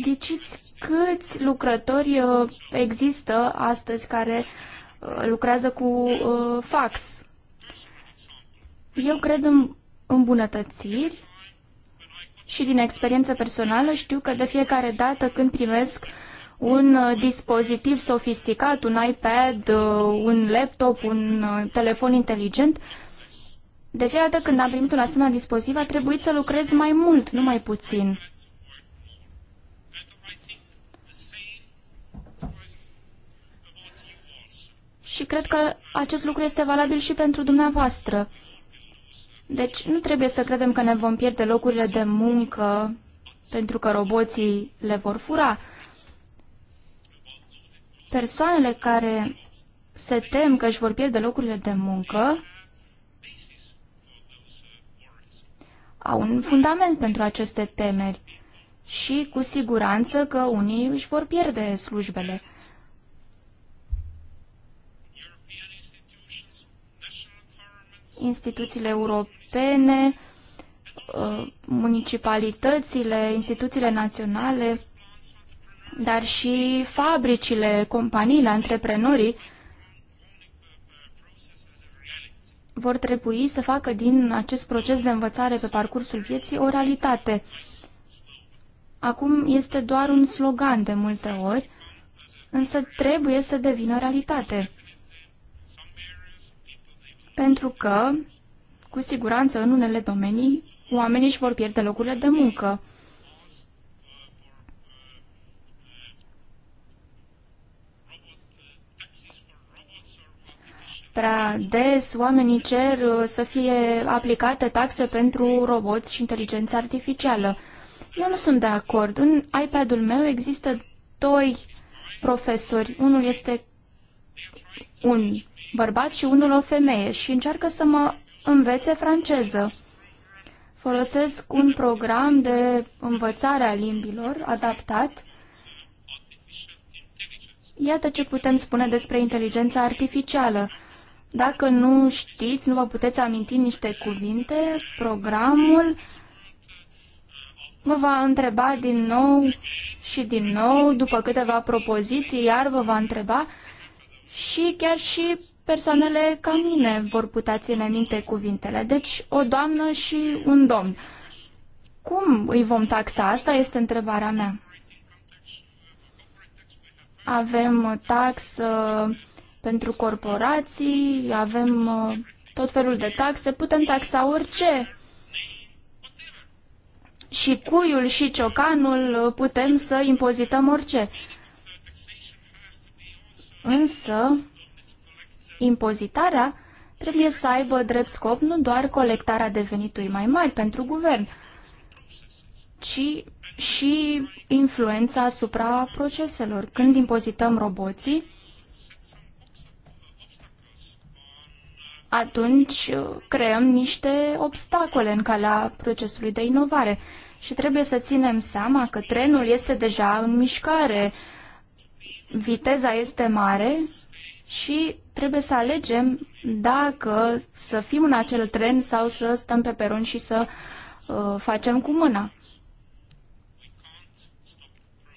ghiciți câți lucrători uh, există astăzi care uh, lucrează cu uh, fax. Eu cred în îmbunătățiri și din experiență personală știu că de fiecare dată când primesc un dispozitiv sofisticat, un iPad, un laptop, un telefon inteligent, de fiecare dată când am primit un asemenea dispozitiv a trebuit să lucrez mai mult, nu mai puțin. și cred că acest lucru este valabil și pentru dumneavoastră. Deci nu trebuie să credem că ne vom pierde locurile de muncă pentru că roboții le vor fura. Persoanele care se tem că își vor pierde locurile de muncă au un fundament pentru aceste temeri și cu siguranță că unii își vor pierde slujbele. instituțiile europene, uh, municipalitățile, instituțiile naționale, dar și fabricile, companiile, antreprenorii vor trebui să facă din acest proces de învățare pe parcursul vieții o realitate. Acum este doar un slogan de multe ori, însă trebuie să devină realitate pentru că, cu siguranță, în unele domenii, oamenii își vor pierde locurile de muncă. prea des oamenii cer uh, să fie aplicate taxe pentru roboți și inteligență artificială. Eu nu sunt de acord. În iPad-ul meu există doi profesori. Unul este un bărbat și unul o femeie și încearcă să mă învețe franceză. Folosesc un program de învățare a limbilor adaptat. Iată ce putem spune despre inteligența artificială. Dacă nu știți, nu vă puteți aminti niște cuvinte, programul vă va întreba din nou și din nou, după câteva propoziții, iar vă va întreba și chiar și persoanele ca mine vor putea ține minte cuvintele. Deci o doamnă și un domn. Cum îi vom taxa? Asta este întrebarea mea. Avem tax pentru corporații, avem uh, tot felul de taxe, putem taxa orice. Și cuiul și ciocanul uh, putem să impozităm orice. Însă, impozitarea trebuie să aibă drept scop nu doar colectarea de venituri mai mari pentru guvern, ci și influența asupra proceselor. Când impozităm roboții, atunci uh, creăm niște obstacole în calea procesului de inovare și trebuie să ținem seama că trenul este deja în mișcare, viteza este mare și trebuie să alegem dacă să fim în acel tren sau să stăm pe peron și să uh, facem cu mâna.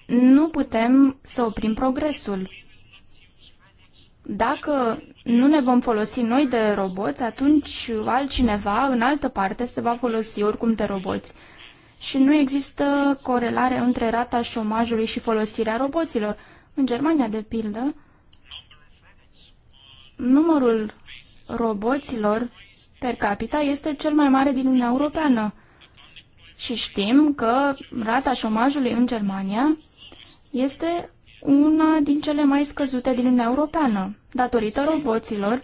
Nu putem să oprim progresul. Dacă nu ne vom folosi noi de roboți, atunci altcineva în altă parte se va folosi oricum de roboți. Și nu există corelare între rata șomajului și folosirea roboților. În Germania, de pildă, numărul roboților per capita este cel mai mare din Uniunea Europeană. Și știm că rata șomajului în Germania este una din cele mai scăzute din Uniunea Europeană, datorită roboților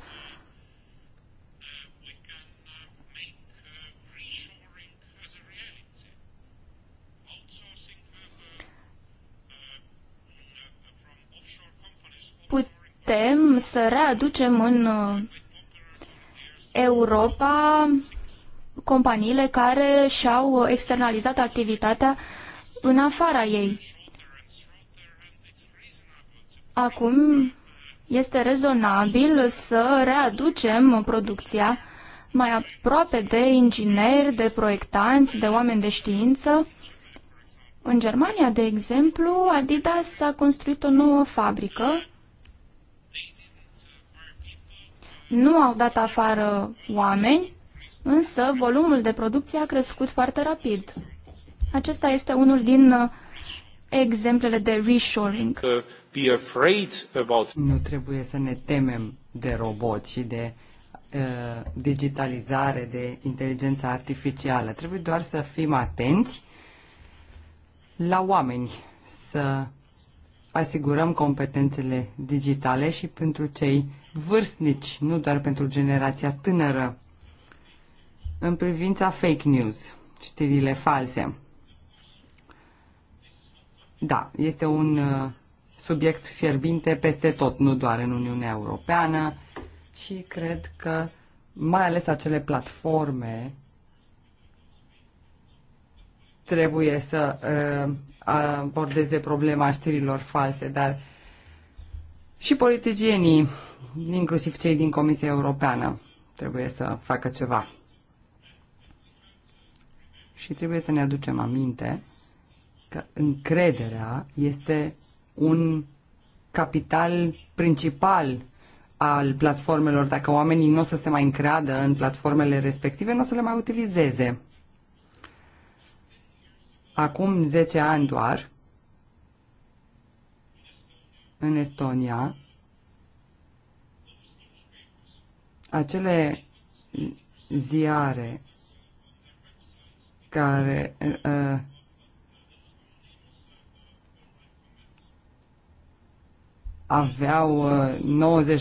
putem să readucem în uh, Europa companiile care și-au externalizat activitatea în afara ei. Acum este rezonabil să readucem producția mai aproape de ingineri, de proiectanți, de oameni de știință. În Germania, de exemplu, Adidas a construit o nouă fabrică nu au dat afară oameni, însă volumul de producție a crescut foarte rapid. Acesta este unul din uh, exemplele de reshoring. Nu trebuie să ne temem de roboți și de uh, digitalizare, de inteligență artificială. Trebuie doar să fim atenți la oameni, să asigurăm competențele digitale și pentru cei vârstnici, nu doar pentru generația tânără, în privința fake news, știrile false. Da, este un uh, subiect fierbinte peste tot, nu doar în Uniunea Europeană și cred că mai ales acele platforme trebuie să uh, abordeze problema știrilor false, dar uh, și politicienii, inclusiv cei din Comisia Europeană, trebuie să facă ceva. Și trebuie să ne aducem aminte că încrederea este un capital principal al platformelor. Dacă oamenii nu o să se mai încreadă în platformele respective, nu o să le mai utilizeze. Acum 10 ani doar, în Estonia, acele ziare care uh, uh aveau uh,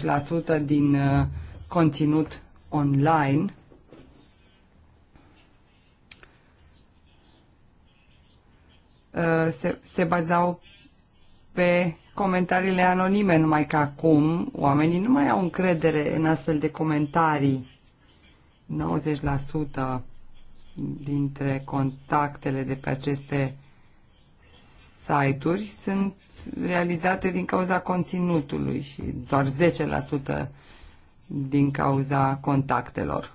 90% din uh, conținut online uh, se, se bazau pe comentariile anonime, numai că acum oamenii nu mai au încredere în astfel de comentarii. 90% dintre contactele de pe aceste site-uri sunt realizate din cauza conținutului și doar 10% din cauza contactelor.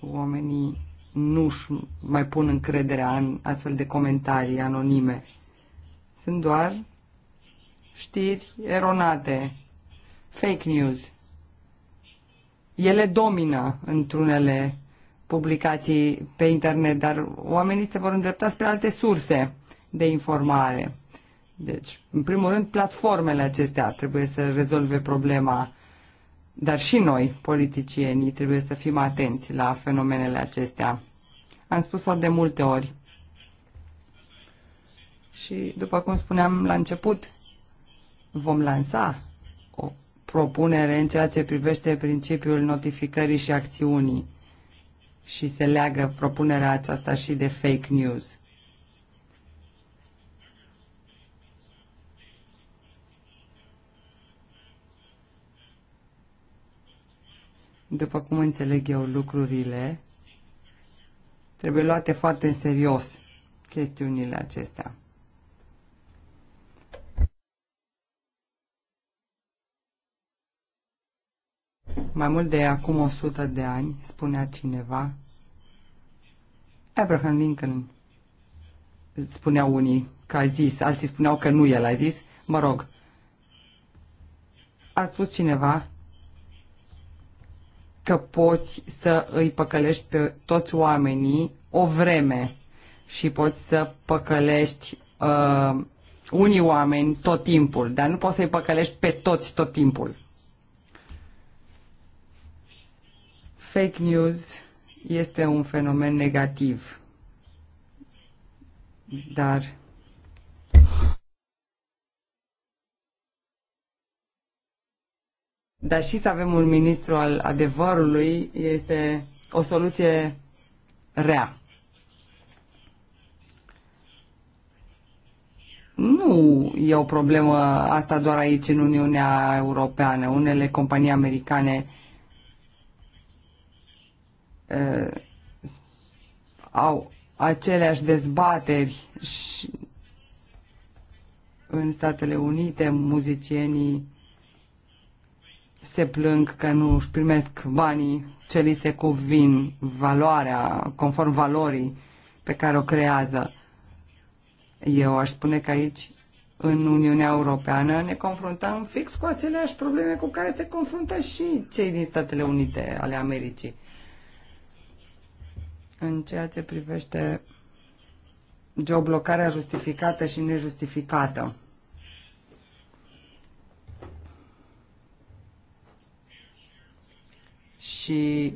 Oamenii nu-și mai pun încrederea în astfel de comentarii anonime. Sunt doar știri eronate, fake news. Ele domină într-unele publicații pe internet, dar oamenii se vor îndrepta spre alte surse de informare. Deci, în primul rând, platformele acestea trebuie să rezolve problema, dar și noi, politicienii, trebuie să fim atenți la fenomenele acestea. Am spus-o de multe ori. Și, după cum spuneam la început, vom lansa o propunere în ceea ce privește principiul notificării și acțiunii și se leagă propunerea aceasta și de fake news. După cum înțeleg eu lucrurile, trebuie luate foarte în serios chestiunile acestea. Mai mult de acum 100 de ani, spunea cineva, Abraham Lincoln, spunea unii că a zis, alții spuneau că nu el a zis, mă rog, a spus cineva că poți să îi păcălești pe toți oamenii o vreme și poți să păcălești uh, unii oameni tot timpul, dar nu poți să-i păcălești pe toți tot timpul. Fake news este un fenomen negativ, dar dar și să avem un ministru al adevărului este o soluție rea. Nu e o problemă asta doar aici în Uniunea Europeană. Unele companii americane uh, au aceleași dezbateri și în Statele Unite muzicienii se plâng că nu își primesc banii ce li se cuvin, valoarea, conform valorii pe care o creează. Eu aș spune că aici, în Uniunea Europeană, ne confruntăm fix cu aceleași probleme cu care se confruntă și cei din Statele Unite ale Americii în ceea ce privește geoblocarea justificată și nejustificată. Și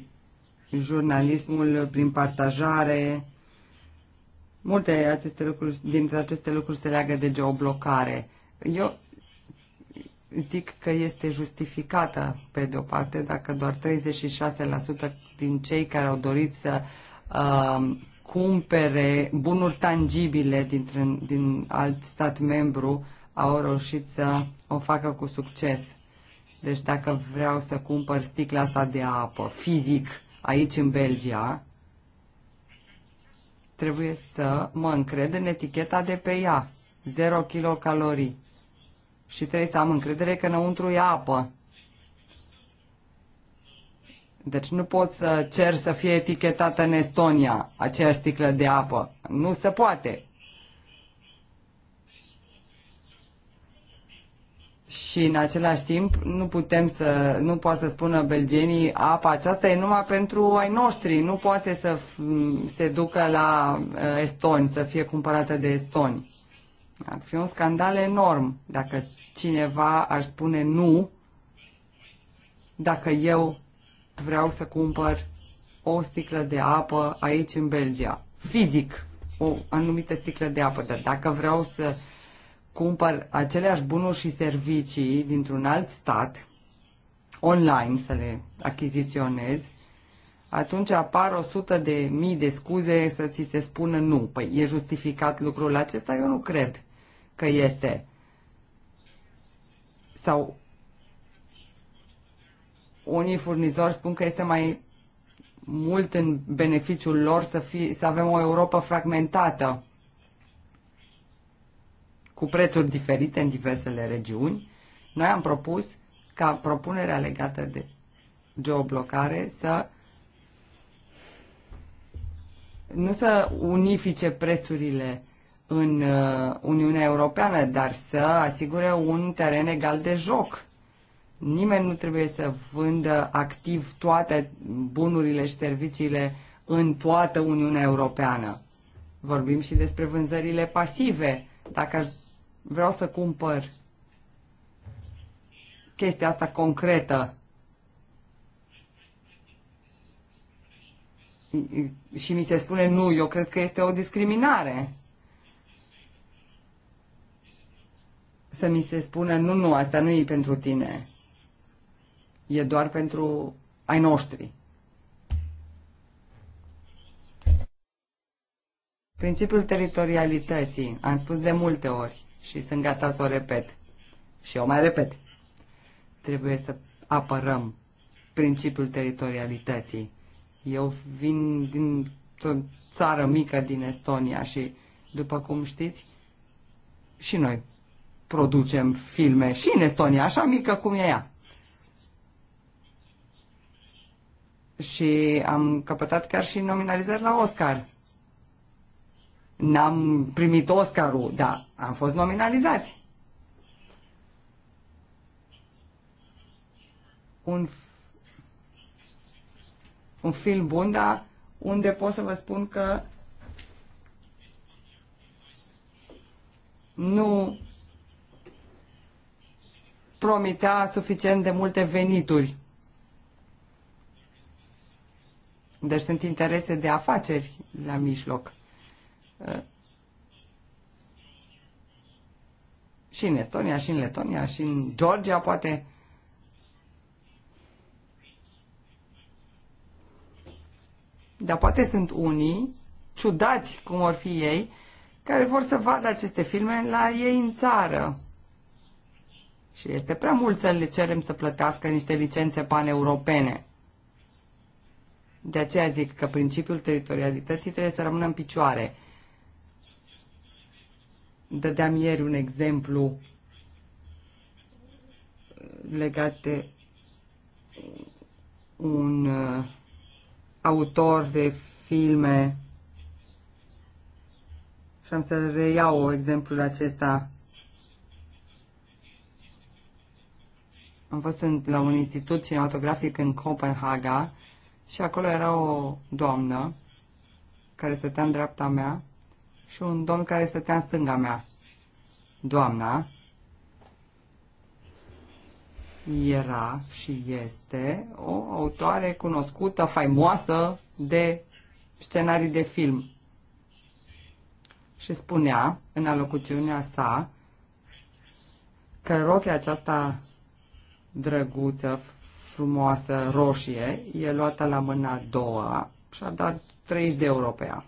jurnalismul prin partajare, multe aceste lucruri, dintre aceste lucruri se leagă de geoblocare. Eu zic că este justificată, pe de o parte, dacă doar 36% din cei care au dorit să uh, uh, cumpere bunuri tangibile dintr-un, din alt stat membru au reușit să o facă cu succes. Deci dacă vreau să cumpăr sticla asta de apă fizic aici în Belgia, trebuie să mă încred în eticheta de pe ea, 0 kilocalorii. Și trebuie să am încredere că înăuntru e apă. Deci nu poți să cer să fie etichetată în Estonia aceeași sticlă de apă. Nu se poate. Și în același timp nu putem să, nu poate să spună belgenii apa aceasta e numai pentru ai noștri, nu poate să se ducă la estoni, să fie cumpărată de estoni. Ar fi un scandal enorm dacă cineva ar spune nu, dacă eu vreau să cumpăr o sticlă de apă aici în Belgia. Fizic, o anumită sticlă de apă, dar dacă vreau să cumpăr aceleași bunuri și servicii dintr-un alt stat, online să le achiziționez, atunci apar o sută de mii de scuze să ți se spună nu. Păi e justificat lucrul acesta? Eu nu cred că este. Sau unii furnizori spun că este mai mult în beneficiul lor să, fi, să avem o Europa fragmentată, cu prețuri diferite în diversele regiuni. Noi am propus ca propunerea legată de geoblocare să nu să unifice prețurile în uh, Uniunea Europeană, dar să asigure un teren egal de joc Nimeni nu trebuie să vândă activ toate bunurile și serviciile în toată Uniunea Europeană. Vorbim și despre vânzările pasive. Dacă aș, vreau să cumpăr chestia asta concretă și mi se spune nu, eu cred că este o discriminare. Să mi se spună nu, nu, asta nu e pentru tine e doar pentru ai noștri. Principiul teritorialității, am spus de multe ori și sunt gata să o repet. Și eu mai repet. Trebuie să apărăm principiul teritorialității. Eu vin din o țară mică din Estonia și, după cum știți, și noi producem filme și în Estonia, așa mică cum e ea. și am căpătat chiar și nominalizări la Oscar. N-am primit Oscarul, dar am fost nominalizați. Un, un film bun, dar unde pot să vă spun că nu promitea suficient de multe venituri Deci sunt interese de afaceri la mijloc. Uh, și în Estonia, și în Letonia, și în Georgia, poate. Dar poate sunt unii, ciudați cum ar fi ei, care vor să vadă aceste filme la ei în țară. Și este prea mult să le cerem să plătească niște licențe paneuropene. De aceea zic că principiul teritorialității trebuie să rămână în picioare. Dădeam ieri un exemplu legat de un uh, autor de filme și am să reiau exemplul acesta. Am fost în, la un institut cinematografic în Copenhaga și acolo era o doamnă care stătea în dreapta mea și un domn care stătea în stânga mea. Doamna era și este o autoare cunoscută, faimoasă de scenarii de film. Și spunea în alocuțiunea sa că rochea aceasta drăguță, frumoasă roșie, e luată la mâna a doua și a dat 30 de euro pe ea.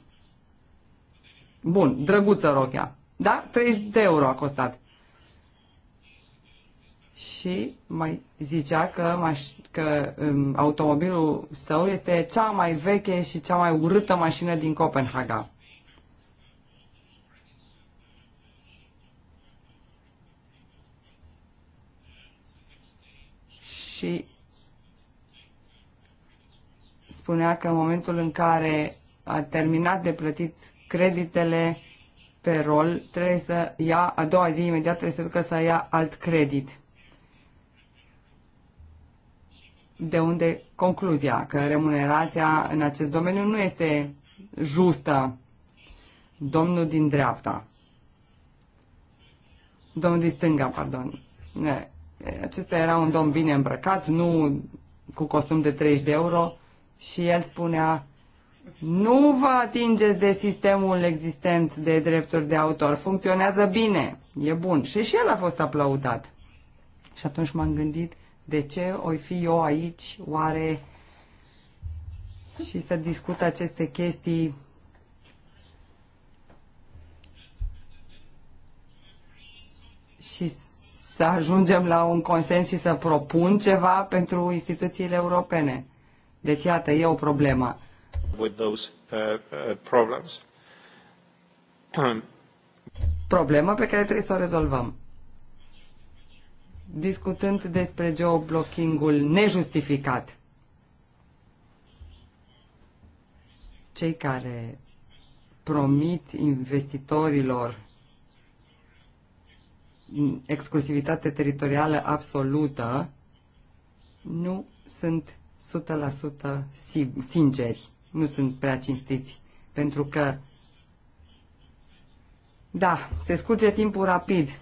Bun, drăguță rochea. Da? 30 de euro a costat. Și mai zicea că, maș- că um, automobilul său este cea mai veche și cea mai urâtă mașină din Copenhaga. Și spunea că în momentul în care a terminat de plătit creditele pe rol, trebuie să ia, a doua zi imediat trebuie să ducă să ia alt credit. De unde concluzia că remunerația în acest domeniu nu este justă. Domnul din dreapta. Domnul din stânga, pardon. Acesta era un domn bine îmbrăcat, nu cu costum de 30 de euro și el spunea nu vă atingeți de sistemul existent de drepturi de autor, funcționează bine, e bun. Și și el a fost aplaudat. Și atunci m-am gândit, de ce oi fi eu aici, oare, și să discut aceste chestii și să ajungem la un consens și să propun ceva pentru instituțiile europene. Deci, iată, e o problemă. With those, uh, uh problems. problemă pe care trebuie să o rezolvăm. Discutând despre geoblocking-ul nejustificat, cei care promit investitorilor exclusivitate teritorială absolută, nu sunt 100% sinceri, nu sunt prea cinstiți, pentru că, da, se scurge timpul rapid.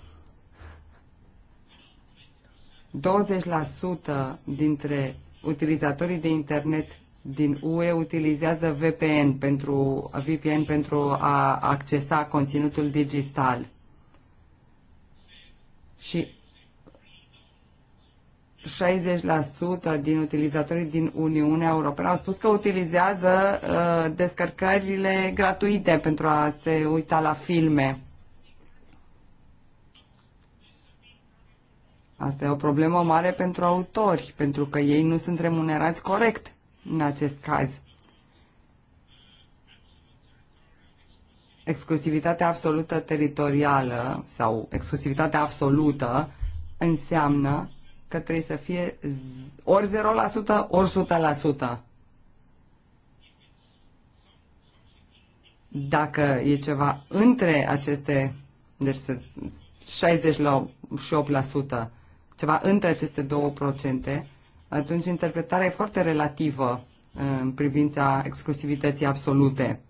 20% dintre utilizatorii de internet din UE utilizează VPN pentru, VPN pentru a accesa conținutul digital. Și 60% din utilizatorii din Uniunea Europeană au spus că utilizează uh, descărcările gratuite pentru a se uita la filme. Asta e o problemă mare pentru autori, pentru că ei nu sunt remunerați corect în acest caz. Exclusivitatea absolută teritorială sau exclusivitatea absolută înseamnă că trebuie să fie ori 0%, ori 100%. Dacă e ceva între aceste, deci 60 la 8%, ceva între aceste două procente, atunci interpretarea e foarte relativă uh, în privința exclusivității absolute.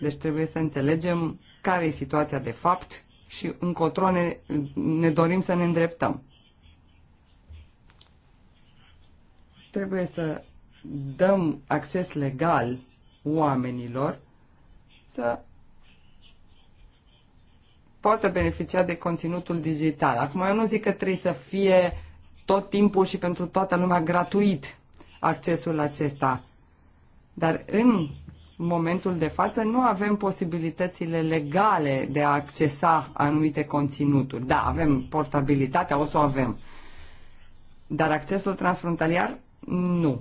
Deci trebuie să înțelegem care e situația de fapt și încotro ne, ne dorim să ne îndreptăm. Trebuie să dăm acces legal oamenilor să poată beneficia de conținutul digital. Acum eu nu zic că trebuie să fie tot timpul și pentru toată lumea gratuit accesul acesta. Dar în momentul de față nu avem posibilitățile legale de a accesa anumite conținuturi. Da, avem portabilitatea, o să o avem. Dar accesul transfrontalier nu.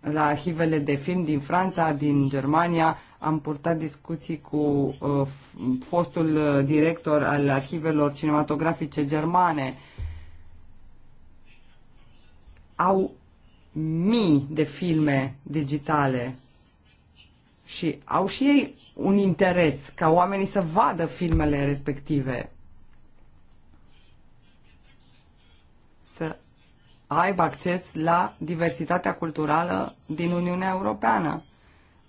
La arhivele de film din Franța, din Germania, am purtat discuții cu uh, fostul uh, director al arhivelor cinematografice germane. Au mii de filme digitale și au și ei un interes ca oamenii să vadă filmele respective. aibă acces la diversitatea culturală din Uniunea Europeană.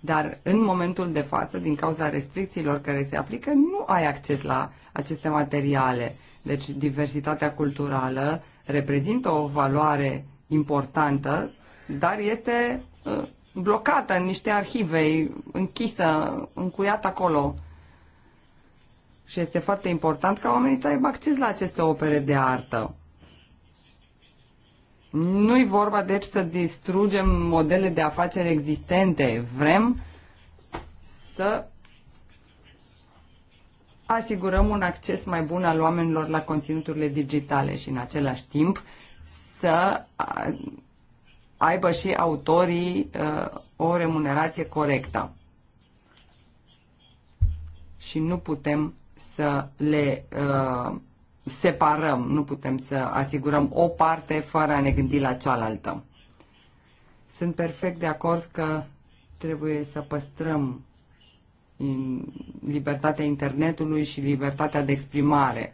Dar în momentul de față, din cauza restricțiilor care se aplică, nu ai acces la aceste materiale. Deci diversitatea culturală reprezintă o valoare importantă, dar este uh, blocată în niște arhive, închisă, încuiată acolo. Și este foarte important ca oamenii să aibă acces la aceste opere de artă. Nu-i vorba deci să distrugem modele de afaceri existente. Vrem să asigurăm un acces mai bun al oamenilor la conținuturile digitale și în același timp să aibă și autorii uh, o remunerație corectă. Și nu putem să le uh, separăm, nu putem să asigurăm o parte fără a ne gândi la cealaltă. Sunt perfect de acord că trebuie să păstrăm libertatea internetului și libertatea de exprimare.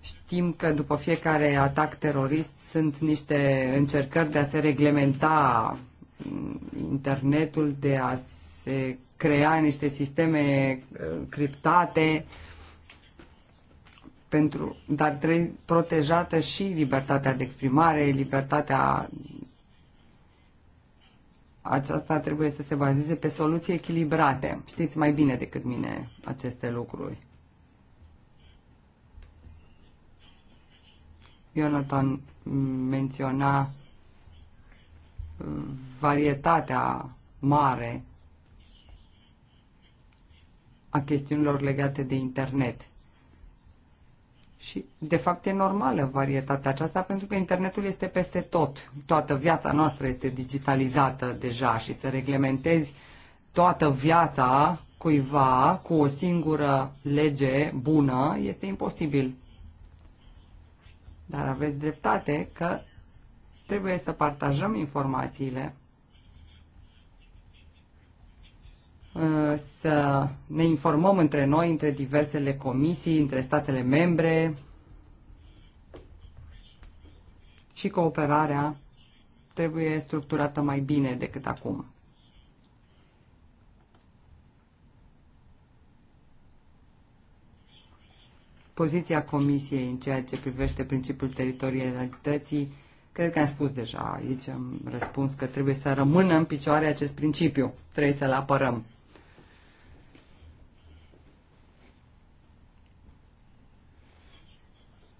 Știm că după fiecare atac terorist sunt niște încercări de a se reglementa mm, internetul, de a se crea niște sisteme uh, criptate, pentru, dar trebuie protejată și libertatea de exprimare, libertatea aceasta trebuie să se bazeze pe soluții echilibrate. Știți mai bine decât mine aceste lucruri. Ionatan menționa uh, varietatea mare a chestiunilor legate de internet. Și, de fapt, e normală varietatea aceasta pentru că internetul este peste tot. Toată viața noastră este digitalizată deja și să reglementezi toată viața cuiva cu o singură lege bună este imposibil. Dar aveți dreptate că trebuie să partajăm informațiile Uh, să ne informăm între noi, între diversele comisii, între statele membre și cooperarea trebuie structurată mai bine decât acum. Poziția Comisiei în ceea ce privește principiul teritorialității, cred că am spus deja aici, am răspuns că trebuie să rămână în picioare acest principiu, trebuie să-l apărăm.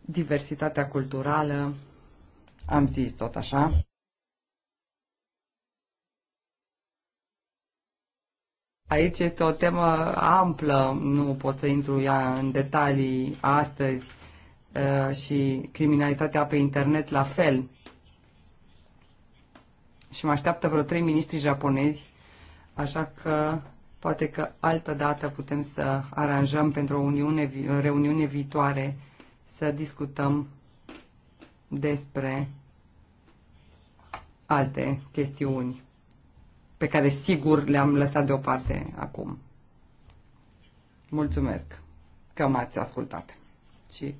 diversitatea culturală, am zis tot așa. Aici este o temă amplă, nu pot să intru ea în detalii astăzi uh, și criminalitatea pe internet la fel. Și mă așteaptă vreo trei ministri japonezi, așa că poate că altă dată putem să aranjăm pentru o uniune, reuniune viitoare să discutăm despre alte chestiuni pe care sigur le-am lăsat deoparte acum. Mulțumesc că m-ați ascultat și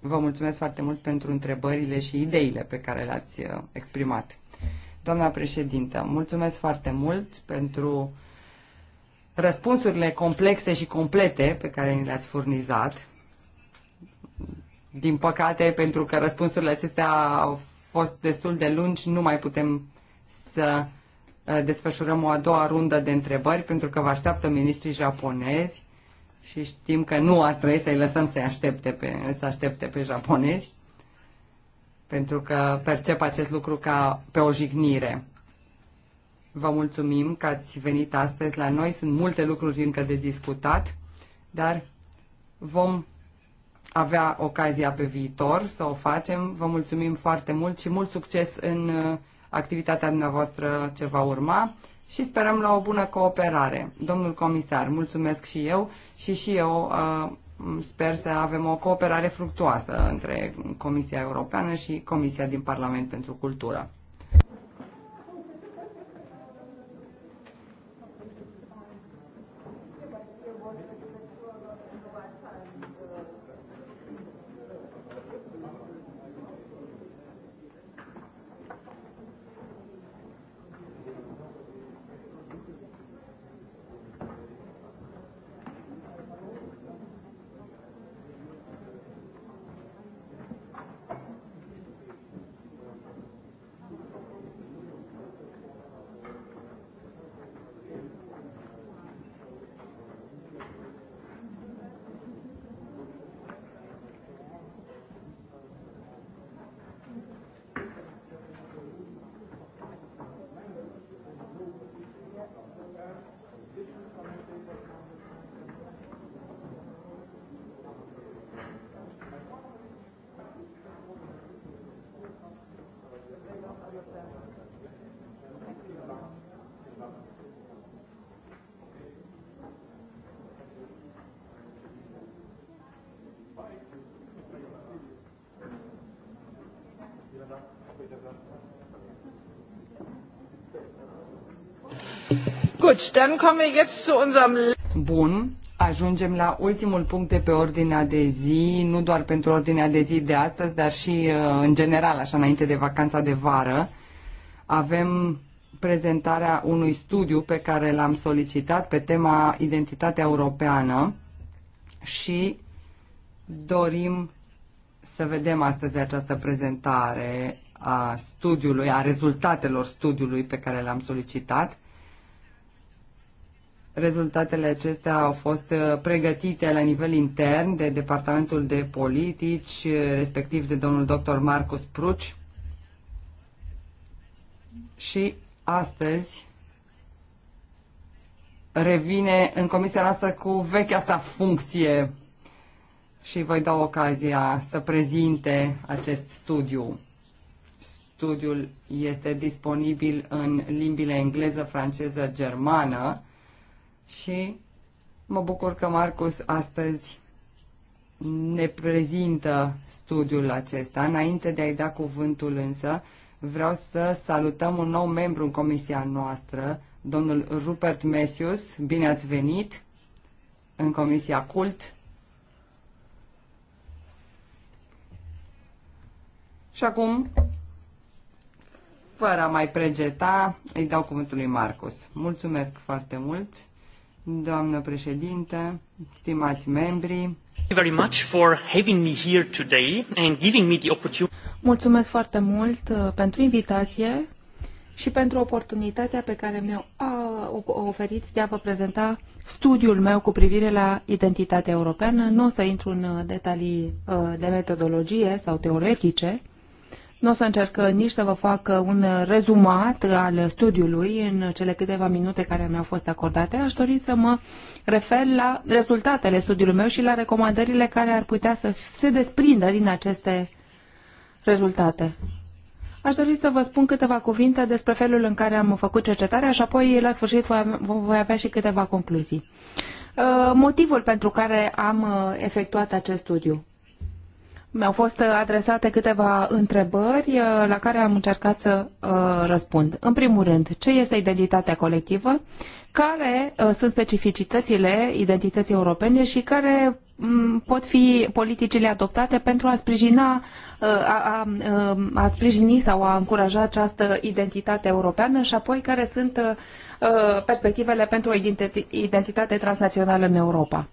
vă mulțumesc foarte mult pentru întrebările și ideile pe care le-ați uh, exprimat. Doamna președintă, mulțumesc foarte mult pentru răspunsurile complexe și complete pe care ni le-ați furnizat din păcate, pentru că răspunsurile acestea au fost destul de lungi, nu mai putem să uh, desfășurăm o a doua rundă de întrebări, pentru că vă așteaptă ministrii japonezi și știm că nu ar trebui să-i lăsăm să aștepte pe, să aștepte pe japonezi, pentru că percep acest lucru ca pe o jignire. Vă mulțumim că ați venit astăzi la noi. Sunt multe lucruri încă de discutat, dar vom avea ocazia pe viitor să o facem. Vă mulțumim foarte mult și mult succes în uh, activitatea dumneavoastră ce va urma și sperăm la o bună cooperare. Domnul comisar, mulțumesc și eu și și eu uh, sper să avem o cooperare fructuoasă între Comisia Europeană și Comisia din Parlament pentru Cultură. Gut, dann kommen wir jetzt zu unserem... Bun, ajungem la ultimul punct de pe ordinea de zi, nu doar pentru ordinea de zi de astăzi, dar și uh, în general, așa înainte de vacanța de vară. Avem prezentarea unui studiu pe care l-am solicitat pe tema identitatea europeană și dorim să vedem astăzi această prezentare a studiului, a rezultatelor studiului pe care l-am solicitat. Rezultatele acestea au fost uh, pregătite la nivel intern de Departamentul de Politici, uh, respectiv de domnul dr. Marcus Pruci. Și astăzi revine în comisia noastră cu vechea sa funcție și voi da ocazia să prezinte acest studiu. Studiul este disponibil în limbile engleză, franceză, germană și mă bucur că Marcus astăzi ne prezintă studiul acesta. Înainte de a-i da cuvântul însă, vreau să salutăm un nou membru în comisia noastră, domnul Rupert Mesius. Bine ați venit în comisia CULT. Și acum, fără a mai pregeta, îi dau cuvântul lui Marcus. Mulțumesc foarte mult! Doamnă Președintă, stimați membri, very much for having me here today and giving me the opportunity. Mulțumesc foarte mult uh, pentru invitație și pentru oportunitatea pe care mi-o oferiți de a vă prezenta studiul meu cu privire la identitatea europeană. Nu o să intru în uh, detalii uh, de metodologie sau teoretice, nu o să încerc uh, nici să vă fac uh, un uh, rezumat al studiului în cele câteva minute care mi-au fost acordate. Aș dori să mă refer la rezultatele studiului meu și la recomandările care ar putea să se desprindă din aceste rezultate. Aș dori să vă spun câteva cuvinte despre felul în care am făcut cercetarea și apoi, la sfârșit, voi avea și câteva concluzii. Motivul pentru care am efectuat acest studiu. Mi-au fost adresate câteva întrebări uh, la care am încercat să uh, răspund. În primul rând, ce este identitatea colectivă? Care uh, sunt specificitățile identității europene și care mm, pot fi politicile adoptate pentru a, sprijina, a, a, a sprijini sau a încuraja această identitate europeană și apoi care sunt perspectivele pentru o identitate transnațională în Europa?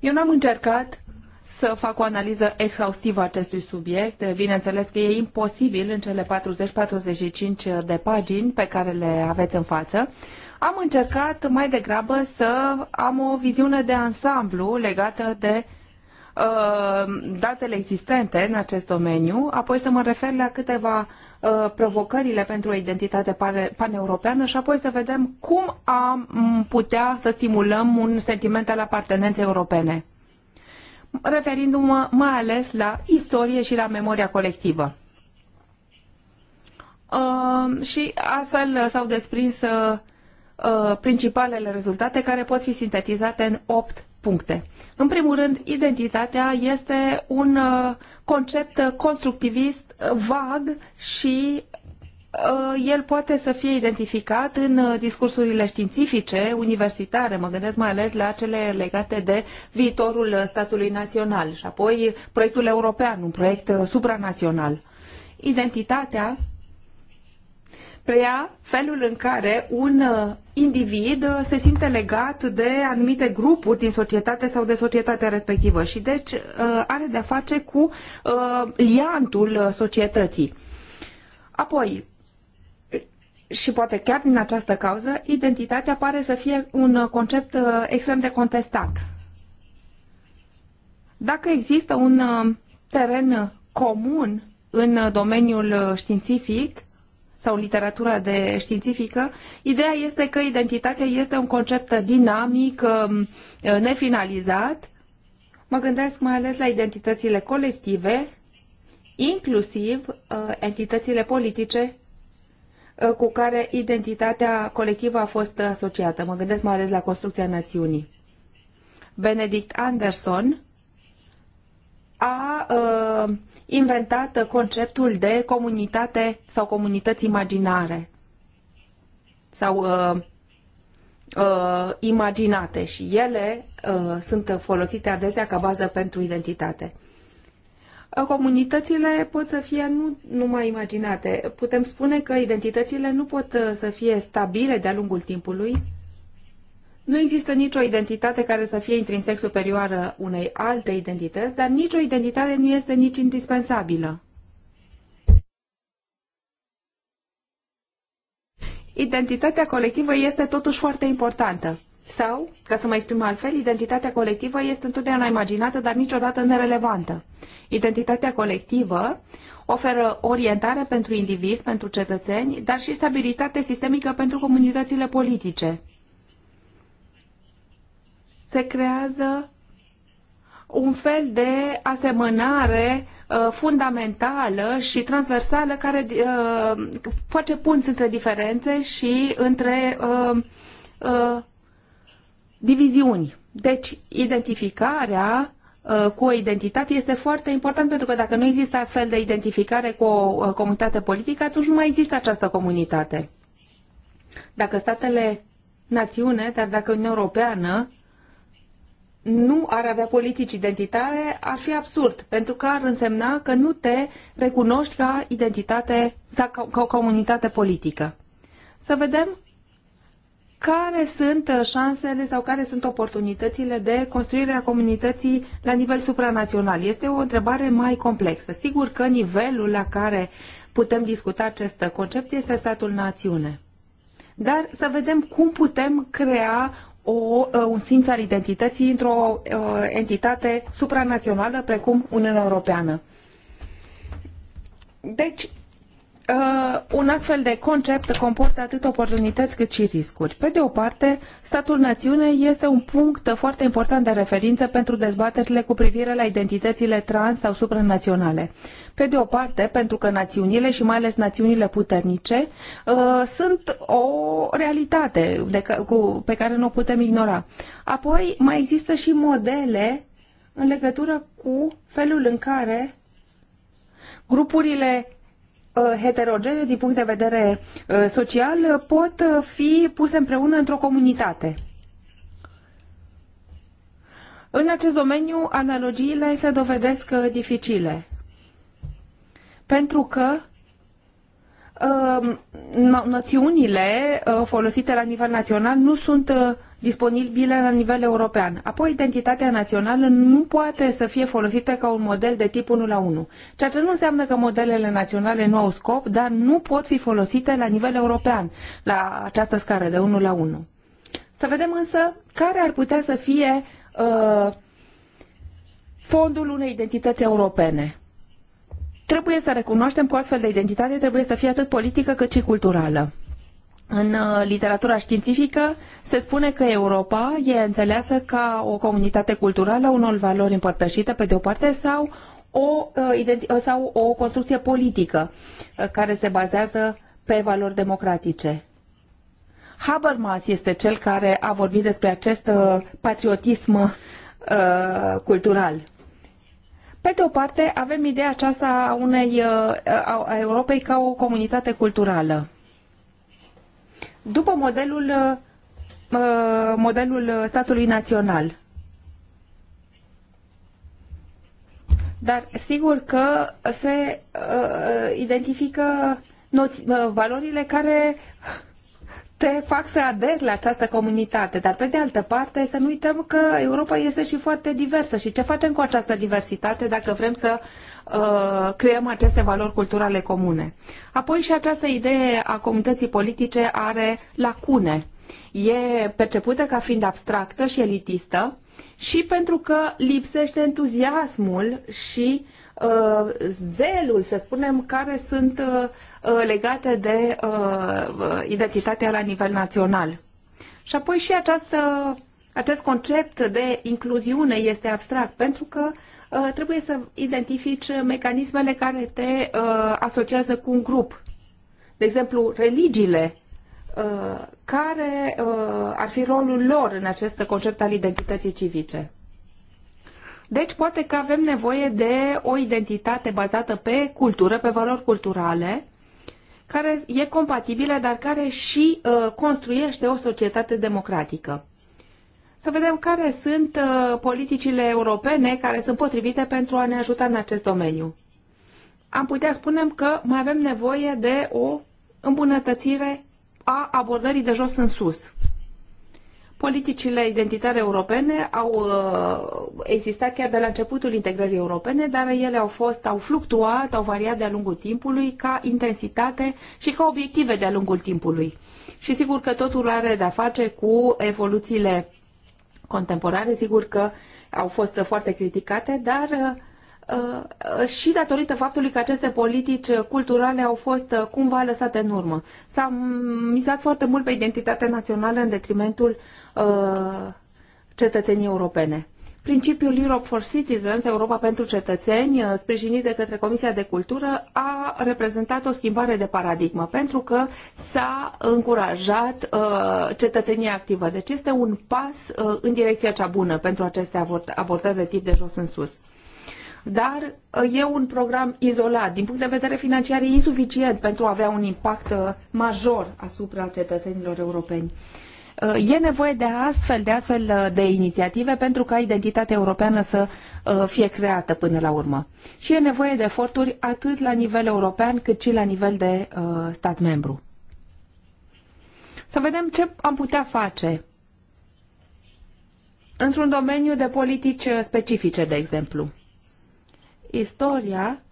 Eu n-am încercat să fac o analiză exhaustivă a acestui subiect. Bineînțeles că e imposibil în cele 40-45 de pagini pe care le aveți în față. Am încercat mai degrabă să am o viziune de ansamblu legată de uh, datele existente în acest domeniu, apoi să mă refer la câteva uh, provocările pentru o identitate paneuropeană și apoi să vedem cum am putea să stimulăm un sentiment al apartenenței europene referindu-mă mai ales la istorie și la memoria colectivă. Uh, și astfel s-au desprins uh, uh, principalele rezultate care pot fi sintetizate în opt puncte. În primul rând, identitatea este un uh, concept constructivist vag și Uh, el poate să fie identificat în uh, discursurile științifice, universitare, mă gândesc mai ales la cele legate de viitorul uh, statului național și apoi proiectul european, un proiect supranațional. Identitatea preia felul în care un individ se simte legat de anumite grupuri din societate sau de societatea respectivă și deci are de-a face cu liantul societății. Apoi, și poate chiar din această cauză, identitatea pare să fie un uh, concept uh, extrem de contestat. Dacă există un uh, teren comun în domeniul științific sau literatura de științifică, ideea este că identitatea este un concept dinamic, um, nefinalizat. Mă gândesc mai ales la identitățile colective, inclusiv entitățile politice Uh, cu care identitatea colectivă a fost asociată. Mă gândesc mai ales la construcția națiunii. Benedict Anderson a uh, inventat conceptul de comunitate sau comunități imaginare sau uh, uh, imaginate și ele uh, sunt folosite adesea ca bază pentru identitate comunitățile pot să fie nu numai imaginate. Putem spune că identitățile nu pot uh, să fie stabile de-a lungul timpului. Nu există nicio identitate care să fie intrinsec superioară unei alte identități, dar nicio identitate nu este nici indispensabilă. Identitatea colectivă este totuși foarte importantă. Sau, ca să mă exprim altfel, identitatea colectivă este întotdeauna imaginată, dar niciodată nerelevantă. Identitatea colectivă oferă orientare pentru indivizi, pentru cetățeni, dar și stabilitate sistemică pentru comunitățile politice. Se creează un fel de asemănare uh, fundamentală și transversală care uh, face punți între diferențe și între uh, uh diviziuni. Deci, identificarea uh, cu o identitate este foarte important pentru că dacă nu există astfel de identificare cu o uh, comunitate politică, atunci nu mai există această comunitate. Dacă statele națiune, dar dacă Uniunea Europeană nu ar avea politici identitare, ar fi absurd, pentru că ar însemna că nu te recunoști ca identitate sau ca, o comunitate politică. Să vedem care sunt uh, șansele sau care sunt oportunitățile de construire a comunității la nivel supranațional? Este o întrebare mai complexă. Sigur că nivelul la care putem discuta acest concept este statul națiune. Dar să vedem cum putem crea o, uh, un simț al identității într-o uh, entitate supranațională precum Uniunea Europeană. Deci, uh, un astfel de concept comportă atât oportunități cât și riscuri. Pe de o parte, statul națiune este un punct foarte important de referință pentru dezbaterile cu privire la identitățile trans sau supranaționale. Pe de o parte, pentru că națiunile și mai ales națiunile puternice uh, sunt o realitate de, cu, pe care nu o putem ignora. Apoi, mai există și modele în legătură cu felul în care grupurile Uh, heterogene din punct de vedere uh, social pot uh, fi puse împreună într-o comunitate. În acest domeniu, analogiile se dovedesc dificile. Pentru că no noțiunile folosite la nivel național nu sunt disponibile la nivel european. Apoi, identitatea națională nu poate să fie folosită ca un model de tip 1 la 1, ceea ce nu înseamnă că modelele naționale nu au scop, dar nu pot fi folosite la nivel european, la această scară de 1 la 1. Să vedem însă care ar putea să fie uh, fondul unei identități europene. Trebuie să recunoaștem că o astfel de identitate trebuie să fie atât politică cât și culturală. În uh, literatura științifică se spune că Europa e înțeleasă ca o comunitate culturală, unor valori împărtășite pe de o parte sau o, uh, uh, sau o construcție politică care se bazează pe valori democratice. Habermas este cel care a vorbit despre acest patriotism cultural. Pe de o parte, avem ideea aceasta a unei a Europei ca o comunitate culturală după modelul, uh, modelul statului național. Dar sigur că se uh, identifică noți, uh, valorile care te fac să aderi la această comunitate, dar pe de altă parte să nu uităm că Europa este și foarte diversă și ce facem cu această diversitate dacă vrem să Uh, creăm aceste valori culturale comune. Apoi și această idee a comunității politice are lacune. E percepută ca fiind abstractă și elitistă și pentru că lipsește entuziasmul și uh, zelul, să spunem, care sunt uh, uh legate de uh, identitatea la nivel național. Și apoi și această acest concept de incluziune este abstract pentru că Uh, trebuie să identifici mecanismele care te uh, asociază cu un grup. De exemplu, religiile uh, care ar fi rolul lor în acest concept al identității civice. Deci poate că avem nevoie de o identitate bazată pe cultură, pe valori culturale, care e compatibilă, dar care și construiește o societate democratică să vedem care sunt uh, politicile europene care sunt potrivite pentru a ne ajuta în acest domeniu. Am putea spune că mai avem nevoie de o îmbunătățire a abordării de jos în sus. Politicile identitare europene au uh, existat chiar de la începutul integrării europene, dar ele au fost, au fluctuat, au variat de-a lungul timpului ca intensitate și ca obiective de-a lungul timpului. Și sigur că totul are de-a face cu evoluțiile contemporane, sigur că au fost foarte criticate, dar uh, uh, și datorită faptului că aceste politici culturale au fost uh, cumva lăsate în urmă. S-a mizat foarte mult pe identitatea națională în detrimentul cetățenii europene. Principiul Europe for Citizens, Europa pentru cetățeni, uh, sprijinit de către Comisia de Cultură, a reprezentat o schimbare de paradigmă, pentru că s-a încurajat uh, cetățenia activă. Deci este un pas uh, în direcția cea bună pentru aceste abordări de tip de jos în sus dar uh, e un program izolat, din punct de vedere financiar e insuficient pentru a avea un impact uh, major asupra cetățenilor europeni. E nevoie de astfel, de astfel uh, de inițiative pentru ca identitatea europeană să uh, fie creată până la urmă. Și e nevoie de eforturi atât la nivel european cât și la nivel de uh, stat membru. Să vedem ce am putea face într-un domeniu de politici specifice, de exemplu. Istoria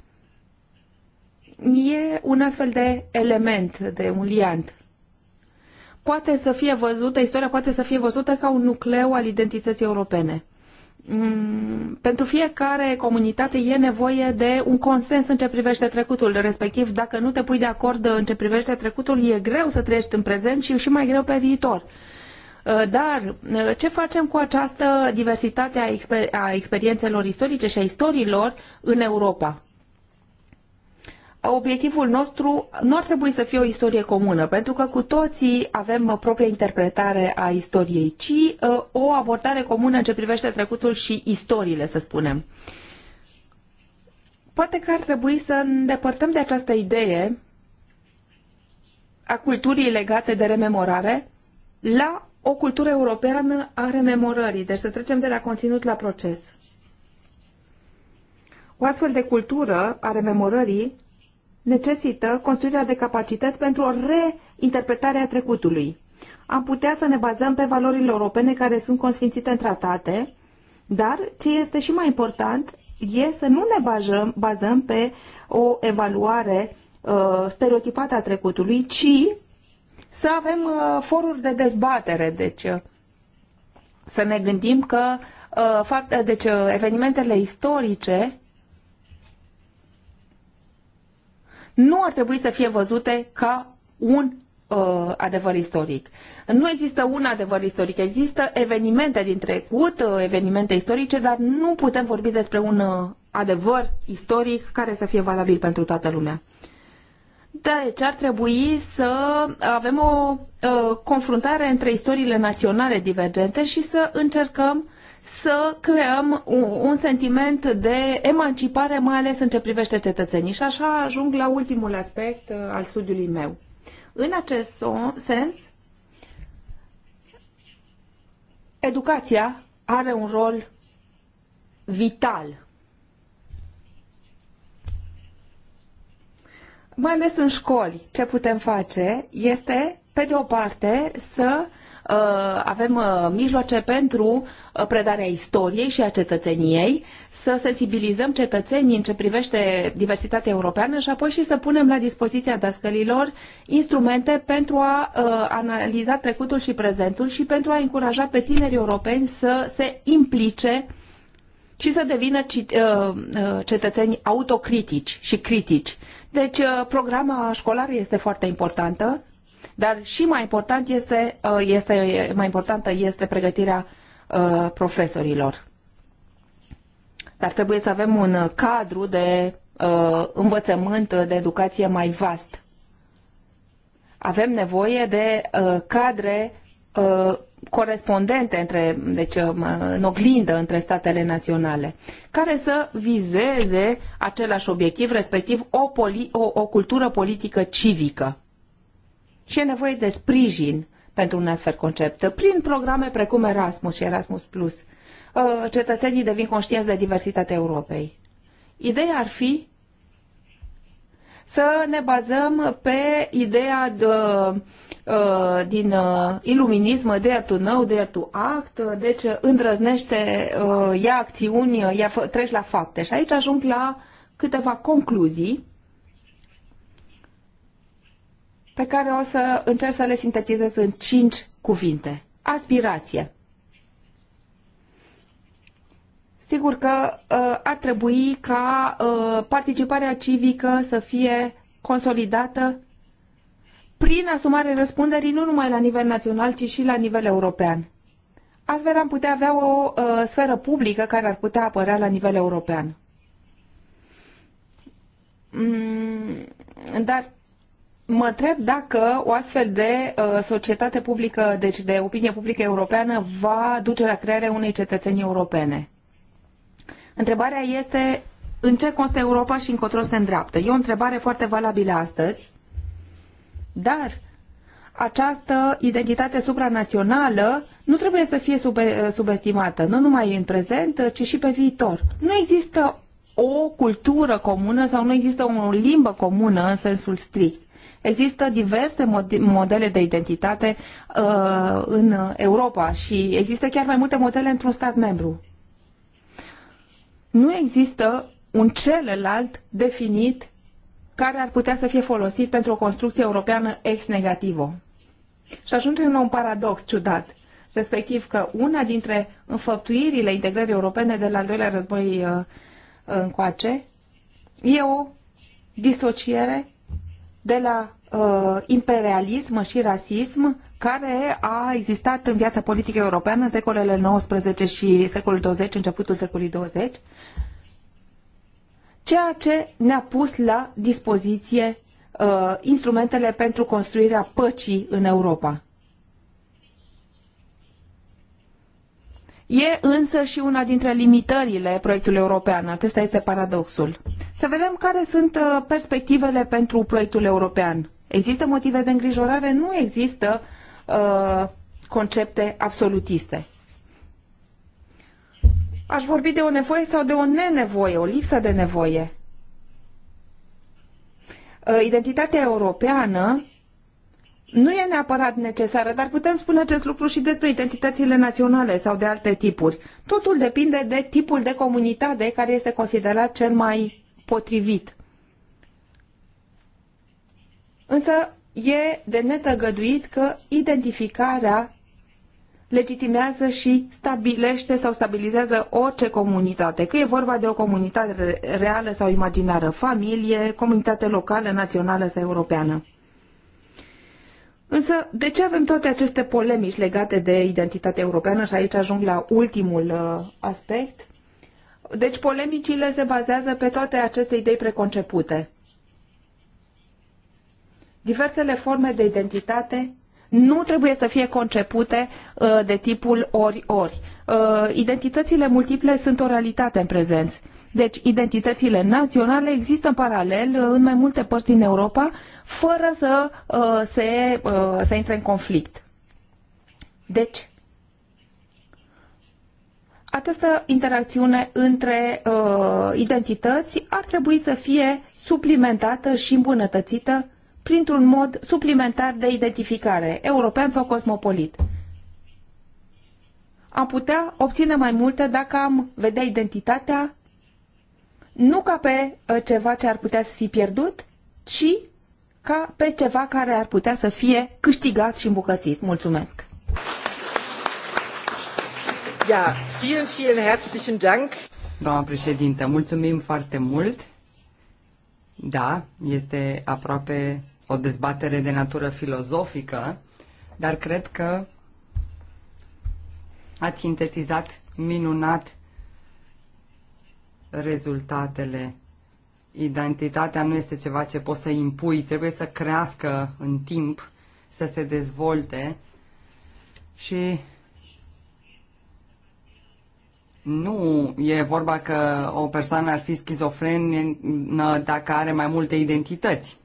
e un astfel de element, de un liant poate să fie văzută, istoria poate să fie văzută ca un nucleu al identității europene. Mm, pentru fiecare comunitate e nevoie de un consens în ce privește trecutul, respectiv dacă nu te pui de acord în ce privește trecutul, e greu să trăiești în prezent și și mai greu pe viitor. Uh, dar uh, ce facem cu această diversitate a, exper- a experiențelor istorice și a istoriilor în Europa? obiectivul nostru nu ar trebui să fie o istorie comună, pentru că cu toții avem propria interpretare a istoriei, ci uh, o abordare comună în ce privește trecutul și istoriile, să spunem. Poate că ar trebui să îndepărtăm de această idee a culturii legate de rememorare la o cultură europeană a rememorării, deci să trecem de la conținut la proces. O astfel de cultură a rememorării necesită construirea de capacități pentru o reinterpretare a trecutului. Am putea să ne bazăm pe valorile europene care sunt consfințite în tratate, dar ce este și mai important e să nu ne bazăm, bazăm pe o evaluare uh, stereotipată a trecutului, ci să avem uh, foruri de dezbatere. Deci, uh, să ne gândim că uh, fapt, deci, uh, evenimentele istorice nu ar trebui să fie văzute ca un uh, adevăr istoric. Nu există un adevăr istoric, există evenimente din trecut, uh, evenimente istorice, dar nu putem vorbi despre un uh, adevăr istoric care să fie valabil pentru toată lumea. Deci ar trebui să avem o uh, confruntare între istoriile naționale divergente și să încercăm să creăm un, un sentiment de emancipare, mai ales în ce privește cetățenii. Și așa ajung la ultimul aspect uh, al studiului meu. În acest sens, educația are un rol vital. Mai ales în școli, ce putem face este, pe de o parte, să Uh, avem uh, mijloace pentru uh, predarea istoriei și a cetățeniei, să sensibilizăm cetățenii în ce privește diversitatea europeană și apoi și să punem la dispoziția dascălilor instrumente pentru a analiza trecutul și prezentul și pentru a încuraja pe tinerii europeni să se implice și să devină cetățeni autocritici și critici. Deci, programa școlară este foarte importantă dar și mai important este, uh, este mai importantă este pregătirea uh, profesorilor. Dar trebuie să avem un cadru de uh, învățământ, de educație mai vast. Avem nevoie de cadre corespondente între, deci um, în oglindă între statele naționale, care să vizeze același obiectiv, respectiv o, poli, o, o cultură politică civică și e nevoie de sprijin pentru un astfel concept, prin programe precum Erasmus și Erasmus+. Plus. Uh, cetățenii devin conștienți de diversitatea Europei. Ideea ar fi să ne bazăm pe ideea de, uh, din uh, iluminism, de to know, de to act, deci îndrăznește, ia acțiuni, ia, treci la fapte. Și aici ajung la câteva concluzii pe care o să încerc să le sintetizez în cinci cuvinte. Aspirație. Sigur că uh, ar trebui ca uh, participarea civică să fie consolidată prin asumare răspunderii nu numai la nivel național, ci și la nivel european. Astfel am putea avea o uh, sferă publică care ar putea apărea la nivel european. Mm, dar mă întreb dacă o astfel de uh, societate publică, deci de opinie publică europeană, va duce la crearea unei cetățenii europene. Întrebarea este în ce constă Europa și încotro se îndreaptă. E o întrebare foarte valabilă astăzi, dar această identitate supranațională nu trebuie să fie sub, uh, subestimată, nu numai în prezent, ci și pe viitor. Nu există o cultură comună sau nu există o limbă comună în sensul strict. Există diverse modele de identitate uh, în Europa și există chiar mai multe modele într-un stat membru. Nu există un celălalt definit care ar putea să fie folosit pentru o construcție europeană ex-negativă. Și ajungem la un paradox ciudat, respectiv că una dintre înfăptuirile integrării europene de la al doilea război uh, încoace e o disociere de la uh, imperialism și rasism care a existat în viața politică europeană în secolele 19 și secolul 20, începutul secolului 20, ceea ce ne-a pus la dispoziție uh, instrumentele pentru construirea păcii în Europa. E însă și una dintre limitările proiectului european. Acesta este paradoxul. Să vedem care sunt uh, perspectivele pentru proiectul european. Există motive de îngrijorare? Nu există uh, concepte absolutiste. Aș vorbi de o nevoie sau de o nenevoie, o lipsă de nevoie. Uh, identitatea europeană nu e neapărat necesară, dar putem spune acest lucru și despre identitățile naționale sau de alte tipuri. Totul depinde de tipul de comunitate care este considerat cel mai potrivit. Însă e de netăgăduit că identificarea legitimează și stabilește sau stabilizează orice comunitate, că e vorba de o comunitate reală sau imaginară, familie, comunitate locală, națională sau europeană. Însă, de ce avem toate aceste polemici legate de identitatea europeană? Și aici ajung la ultimul uh, aspect. Deci, polemicile se bazează pe toate aceste idei preconcepute. Diversele forme de identitate nu trebuie să fie concepute uh, de tipul ori-ori. Uh, identitățile multiple sunt o realitate în prezență deci identitățile naționale există în paralel în mai multe părți din Europa fără să, uh, se, uh, să intre în conflict. Deci, această interacțiune între uh, identități ar trebui să fie suplimentată și îmbunătățită printr-un mod suplimentar de identificare, european sau cosmopolit. Am putea obține mai multe dacă am vedea identitatea nu ca pe uh, ceva ce ar putea să fi pierdut, ci ca pe ceva care ar putea să fie câștigat și îmbucățit. Mulțumesc! Ja, vielen, vielen herzlichen Dank. Doamna președintă, mulțumim foarte mult. Da, este aproape o dezbatere de natură filozofică, dar cred că ați sintetizat minunat rezultatele. Identitatea nu este ceva ce poți să impui, trebuie să crească în timp, să se dezvolte și nu e vorba că o persoană ar fi schizofrenă dacă are mai multe identități.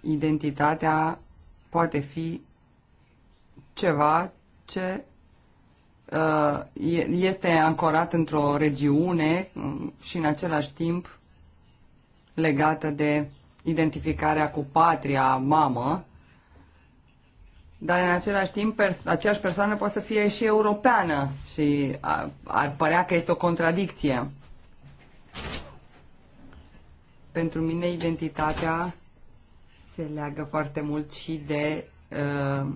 Identitatea poate fi ceva ce Uh, este ancorat într-o regiune um, și în același timp legată de identificarea cu patria mamă, dar în același timp pers- aceeași persoană poate să fie și europeană și ar, ar părea că este o contradicție. Pentru mine identitatea se leagă foarte mult și de uh,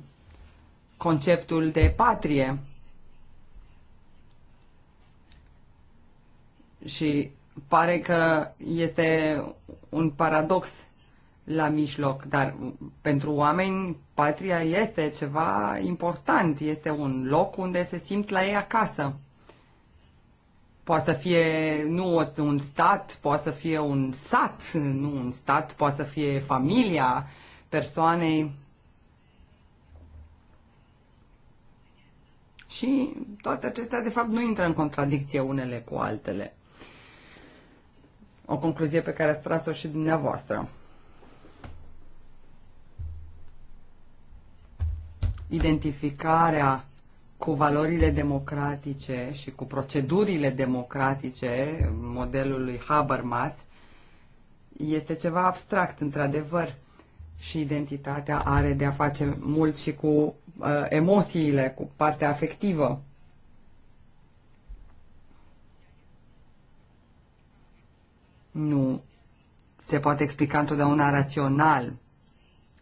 conceptul de patrie. Și pare că este un paradox la mijloc, dar pentru oameni patria este ceva important, este un loc unde se simt la ei acasă. Poate să fie nu un stat, poate să fie un sat, nu un stat, poate să fie familia persoanei. Și toate acestea, de fapt, nu intră în contradicție unele cu altele o concluzie pe care ați tras-o și dumneavoastră. Identificarea cu valorile democratice și cu procedurile democratice modelului Habermas este ceva abstract, într-adevăr, și identitatea are de a face mult și cu uh, emoțiile, cu partea afectivă. Nu se poate explica întotdeauna rațional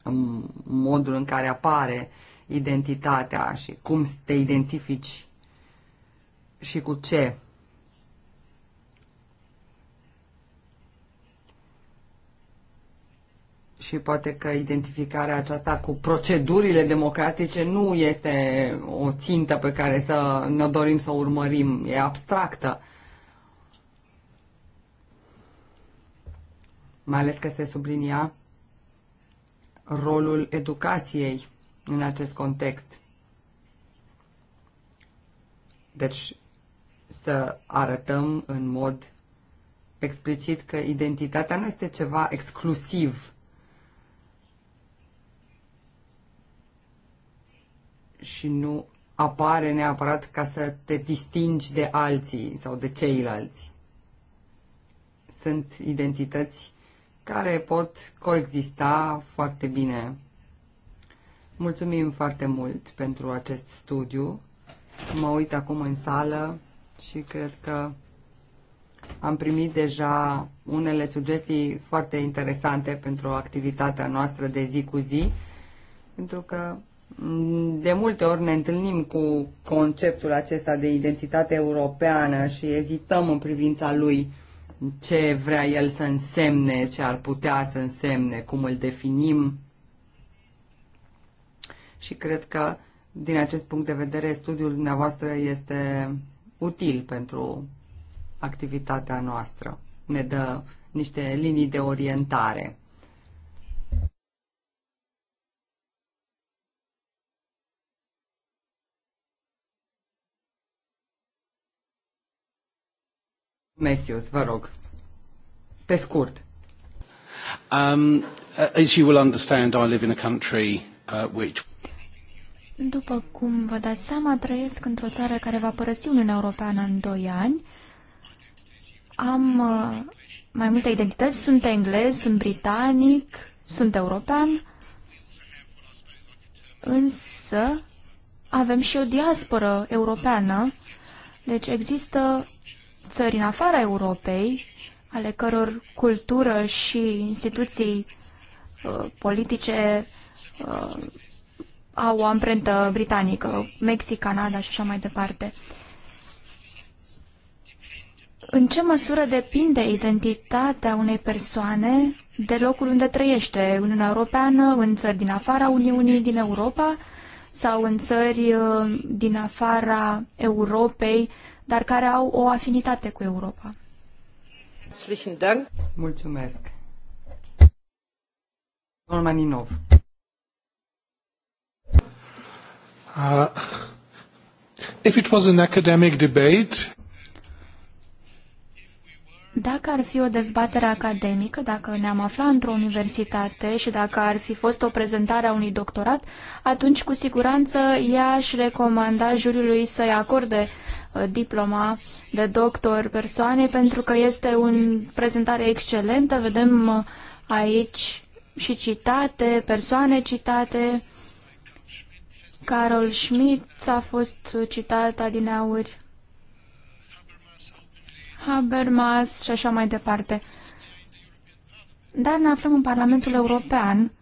în modul în care apare identitatea și cum te identifici și cu ce. și poate că identificarea aceasta cu procedurile democratice nu este o țintă pe care să ne dorim să o urmărim, e abstractă. mai ales că se sublinia rolul educației în acest context. Deci să arătăm în mod explicit că identitatea nu este ceva exclusiv. Și nu apare neapărat ca să te distingi de alții sau de ceilalți. Sunt identități care pot coexista foarte bine. Mulțumim foarte mult pentru acest studiu. Mă uit acum în sală și cred că am primit deja unele sugestii foarte interesante pentru activitatea noastră de zi cu zi, pentru că de multe ori ne întâlnim cu conceptul acesta de identitate europeană și ezităm în privința lui ce vrea el să însemne, ce ar putea să însemne, cum îl definim. Și cred că, din acest punct de vedere, studiul dumneavoastră este util pentru activitatea noastră. Ne dă niște linii de orientare. Mesius, vă rog, pe scurt. Um, uh, as you will understand, I live in a country uh, which... După cum vă dați seama, trăiesc într-o țară care va părăsi Uniunea Europeană în 2 ani. Am uh, mai multe identități. Sunt englez, sunt britanic, sunt european. Însă avem și o diasporă europeană. Deci există țări în afara Europei, ale căror cultură și instituții uh, politice uh, au o amprentă britanică, Mexic, Canada și așa mai departe. În ce măsură depinde identitatea unei persoane de locul unde trăiește, în Uniunea Europeană, în țări din afara Uniunii, din Europa sau în țări uh, din afara Europei, dar care au o afinitate cu Europa. Mulțumesc. Maninov. Uh, if it was an academic debate, dacă ar fi o dezbatere academică, dacă ne-am aflat într-o universitate și dacă ar fi fost o prezentare a unui doctorat, atunci cu siguranță ea aș recomanda juriului să-i acorde uh, diploma de doctor persoanei pentru că este o prezentare excelentă. Vedem uh, aici și citate, persoane citate. Carol Schmidt a fost citat adineauri. Habermas și așa mai departe. Dar ne aflăm în Parlamentul European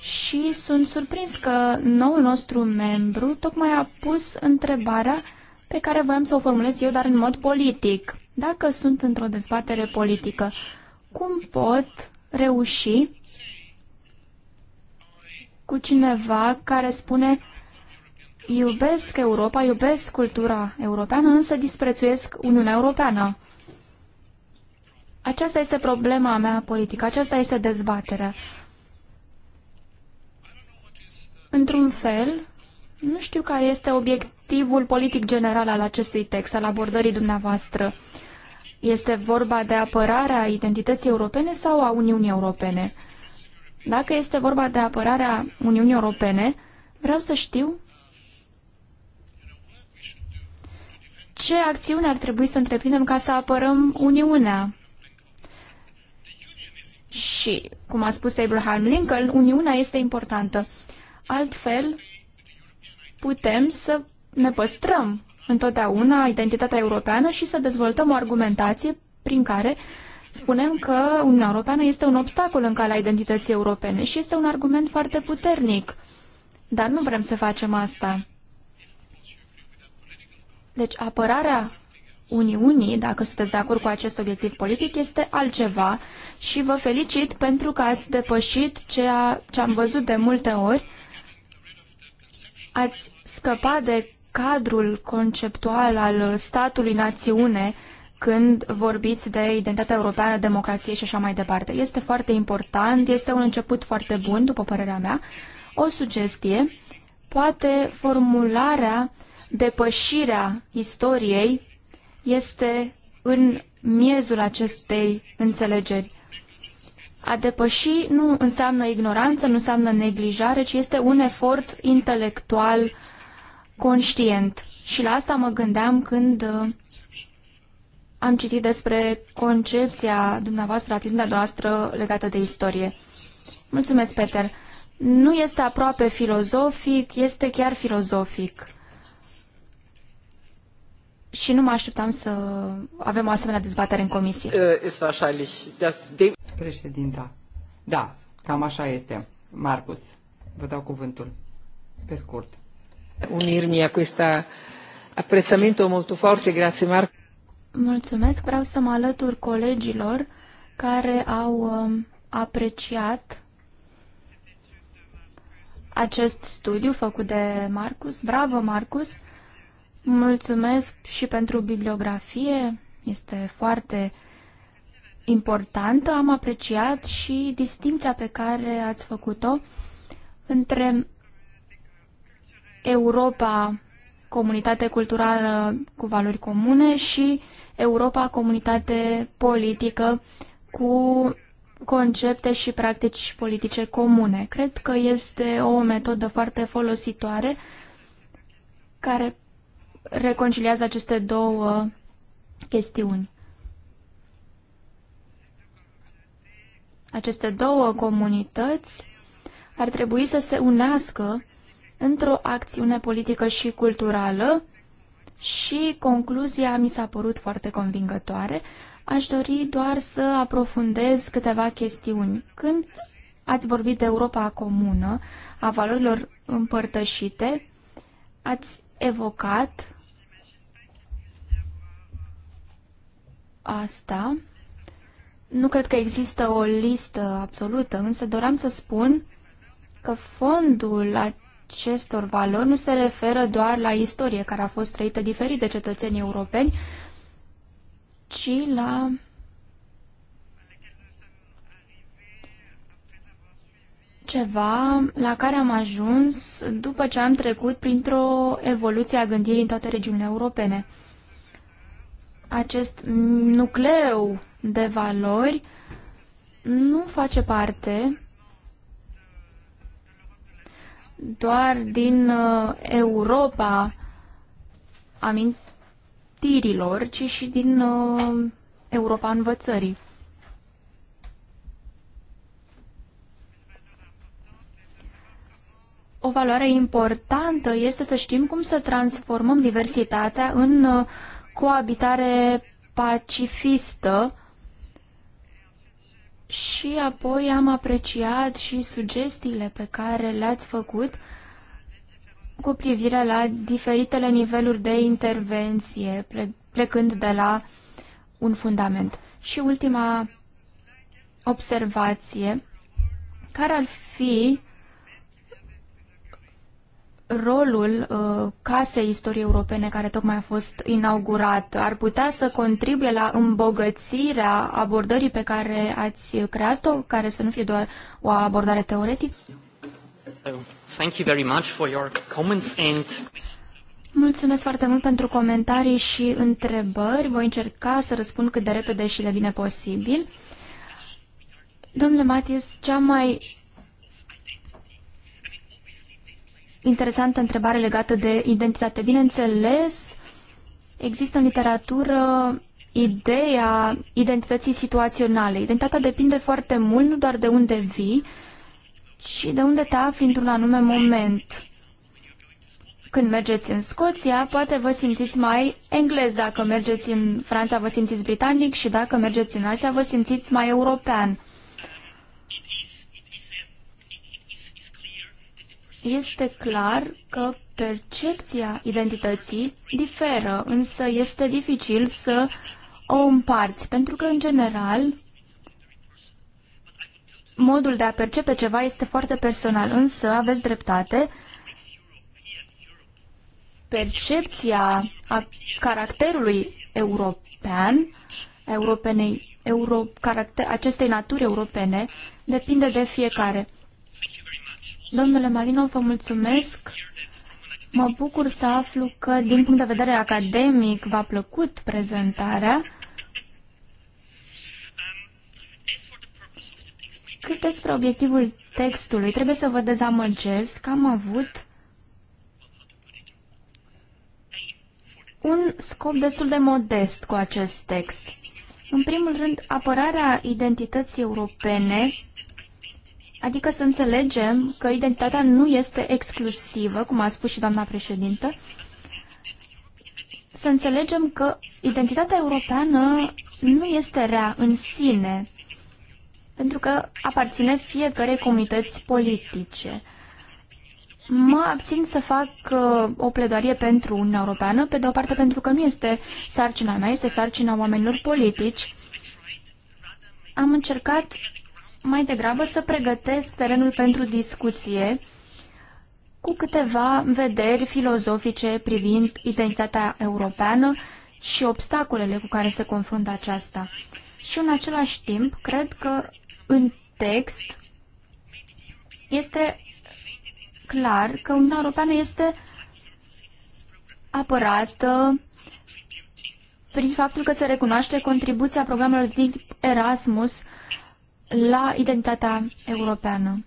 și sunt surprins că noul nostru membru tocmai a pus întrebarea pe care voiam să o formulez eu, dar în mod politic. Dacă sunt într-o dezbatere politică, cum pot reuși cu cineva care spune Iubesc Europa, iubesc cultura europeană, însă disprețuiesc Uniunea Europeană. Aceasta este problema mea politică, aceasta este dezbaterea. Într-un fel, nu știu care este obiectivul politic general al acestui text, al abordării dumneavoastră. Este vorba de apărarea identității europene sau a Uniunii Europene? Dacă este vorba de apărarea Uniunii Europene, vreau să știu ce acțiuni ar trebui să întreprindem ca să apărăm Uniunea? Și, cum a spus Abraham Lincoln, Uniunea este importantă. Altfel, putem să ne păstrăm întotdeauna identitatea europeană și să dezvoltăm o argumentație prin care spunem că Uniunea Europeană este un obstacol în calea identității europene și este un argument foarte puternic. Dar nu vrem să facem asta. Deci apărarea Uniunii, dacă sunteți de acord cu acest obiectiv politic, este altceva și vă felicit pentru că ați depășit ceea ce am văzut de multe ori. Ați scăpat de cadrul conceptual al statului națiune când vorbiți de identitatea europeană, democrație și așa mai departe. Este foarte important, este un început foarte bun, după părerea mea. O sugestie poate formularea, depășirea istoriei este în miezul acestei înțelegeri. A depăși nu înseamnă ignoranță, nu înseamnă neglijare, ci este un efort intelectual conștient. Și la asta mă gândeam când uh, am citit despre concepția dumneavoastră, atitudinea noastră legată de istorie. Mulțumesc, Peter nu este aproape filozofic, este chiar filozofic. Și nu mă așteptam să avem o asemenea dezbatere în comisie. Președinta, da, cam așa este. Marcus, vă dau cuvântul, pe scurt. Unirmi a questa apprezzamento molto forte, grazie Marco. Mulțumesc, vreau să mă alătur colegilor care au um, apreciat acest studiu făcut de Marcus. Bravo, Marcus! Mulțumesc și pentru bibliografie, este foarte importantă. Am apreciat și distinția pe care ați făcut-o între Europa, comunitate culturală cu valori comune și Europa, comunitate politică cu concepte și practici politice comune. Cred că este o metodă foarte folositoare care reconciliază aceste două chestiuni. Aceste două comunități ar trebui să se unească într-o acțiune politică și culturală și concluzia mi s-a părut foarte convingătoare. Aș dori doar să aprofundez câteva chestiuni. Când ați vorbit de Europa comună, a valorilor împărtășite, ați evocat asta. Nu cred că există o listă absolută, însă doream să spun că fondul acestor valori nu se referă doar la istorie care a fost trăită diferit de cetățenii europeni, ci la ceva la care am ajuns după ce am trecut printr-o evoluție a gândirii în toate regiunile europene. Acest nucleu de valori nu face parte doar din uh, Europa. Amint știrilor, ci și din uh, Europa învățării. O valoare importantă este să știm cum să transformăm diversitatea în uh, coabitare pacifistă și apoi am apreciat și sugestiile pe care le-ați făcut uh, cu privire la diferitele niveluri de intervenție, plecând de la un fundament. Și ultima observație, care ar fi rolul uh, Casei Istoriei Europene care tocmai a fost inaugurat ar putea să contribuie la îmbogățirea abordării pe care ați creat-o, care să nu fie doar o abordare teoretică? thank you very much for your comments and... Mulțumesc foarte mult pentru comentarii și întrebări. Voi încerca să răspund cât de repede și de bine posibil. Domnule Matius, cea mai interesantă întrebare legată de identitate. Bineînțeles, există în literatură ideea identității situaționale. Identitatea depinde foarte mult nu doar de unde vii, și de unde te afli într-un anume moment. Când mergeți în Scoția, poate vă simțiți mai englez, dacă mergeți în Franța vă simțiți britanic și dacă mergeți în Asia vă simțiți mai european. Este clar că percepția identității diferă, însă este dificil să o împarți, pentru că, în general, modul de a percepe ceva este foarte personal, însă aveți dreptate. Percepția a caracterului european, europenei, euro, caracter, acestei naturi europene, depinde de fiecare. Domnule Malinov, vă mulțumesc. Mă bucur să aflu că, din punct de vedere academic, v-a plăcut prezentarea. Cât despre obiectivul textului, trebuie să vă dezamăgesc că am avut un scop destul de modest cu acest text. În primul rând, apărarea identității europene, adică să înțelegem că identitatea nu este exclusivă, cum a spus și doamna președintă, să înțelegem că identitatea europeană nu este rea în sine, pentru că aparține fiecare comunități politice. Mă abțin să fac uh, o pledoarie pentru Uniunea Europeană, pe de o parte pentru că nu este sarcina mea, este sarcina oamenilor politici. Am încercat mai degrabă să pregătesc terenul pentru discuție cu câteva vederi filozofice privind identitatea europeană și obstacolele cu care se confruntă aceasta. Și în același timp, cred că în text, este clar că Uniunea Europeană este apărată prin faptul că se recunoaște contribuția programelor din Erasmus la identitatea europeană.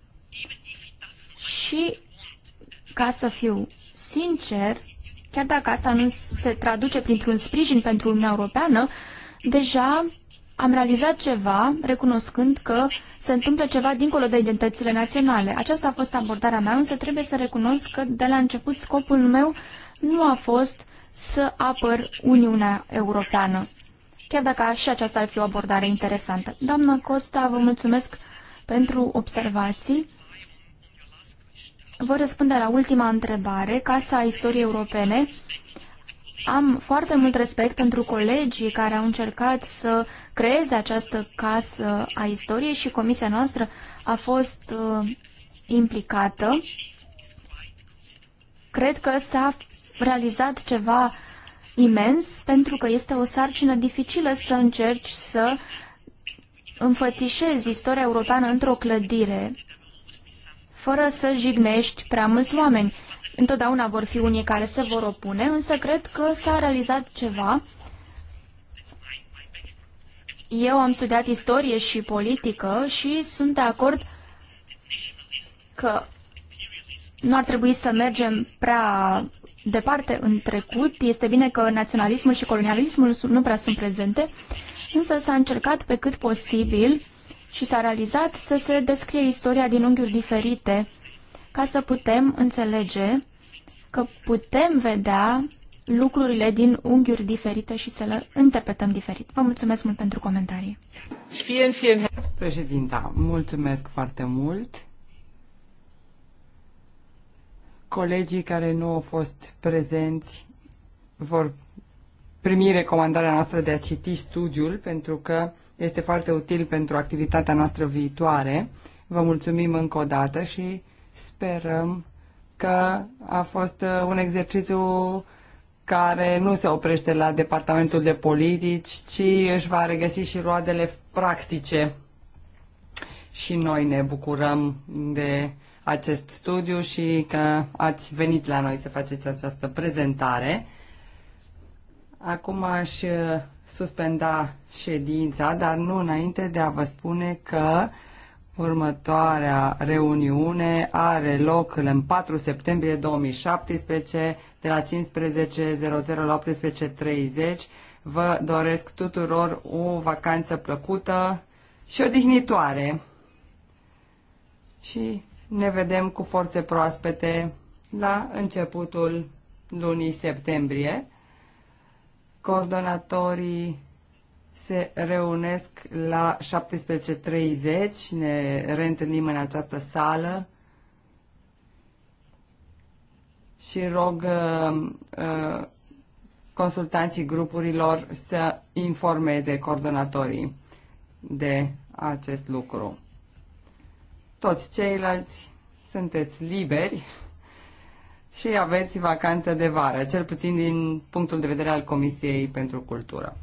Și, ca să fiu sincer, chiar dacă asta nu se traduce printr-un sprijin pentru Uniunea Europeană, deja am realizat ceva recunoscând că se întâmplă ceva dincolo de identitățile naționale. Aceasta a fost abordarea mea, însă trebuie să recunosc că de la început scopul meu nu a fost să apăr Uniunea Europeană. Chiar dacă și aceasta ar fi o abordare interesantă. Doamna Costa, vă mulțumesc pentru observații. Vă răspunde la ultima întrebare, Casa Istoriei Europene am foarte mult respect pentru colegii care au încercat să creeze această casă a istoriei și comisia noastră a fost uh, implicată. Cred că s-a realizat ceva imens pentru că este o sarcină dificilă să încerci să înfățișezi istoria europeană într-o clădire fără să jignești prea mulți oameni. Întotdeauna vor fi unii care se vor opune, însă cred că s-a realizat ceva. Eu am studiat istorie și politică și sunt de acord că nu ar trebui să mergem prea departe în trecut. Este bine că naționalismul și colonialismul nu prea sunt prezente, însă s-a încercat pe cât posibil și s-a realizat să se descrie istoria din unghiuri diferite ca să putem înțelege că putem vedea lucrurile din unghiuri diferite și să le interpretăm diferit. Vă mulțumesc mult pentru comentarii. Vielen, vielen Președinta, mulțumesc foarte mult. Colegii care nu au fost prezenți vor primi recomandarea noastră de a citi studiul pentru că este foarte util pentru activitatea noastră viitoare. Vă mulțumim încă o dată și Sperăm că a fost uh, un exercițiu care nu se oprește la departamentul de politici, ci își va regăsi și roadele practice. Și noi ne bucurăm de acest studiu și că ați venit la noi să faceți această prezentare. Acum aș uh, suspenda ședința, dar nu înainte de a vă spune că Următoarea reuniune are loc în 4 septembrie 2017 de la 15.00 la 18.30. Vă doresc tuturor o vacanță plăcută și odihnitoare. Și ne vedem cu forțe proaspete la începutul lunii septembrie. Coordonatorii se reunesc la 17.30, ne reîntâlnim în această sală și rog uh, uh, consultanții grupurilor să informeze coordonatorii de acest lucru. Toți ceilalți sunteți liberi și aveți vacanță de vară, cel puțin din punctul de vedere al Comisiei pentru Cultură.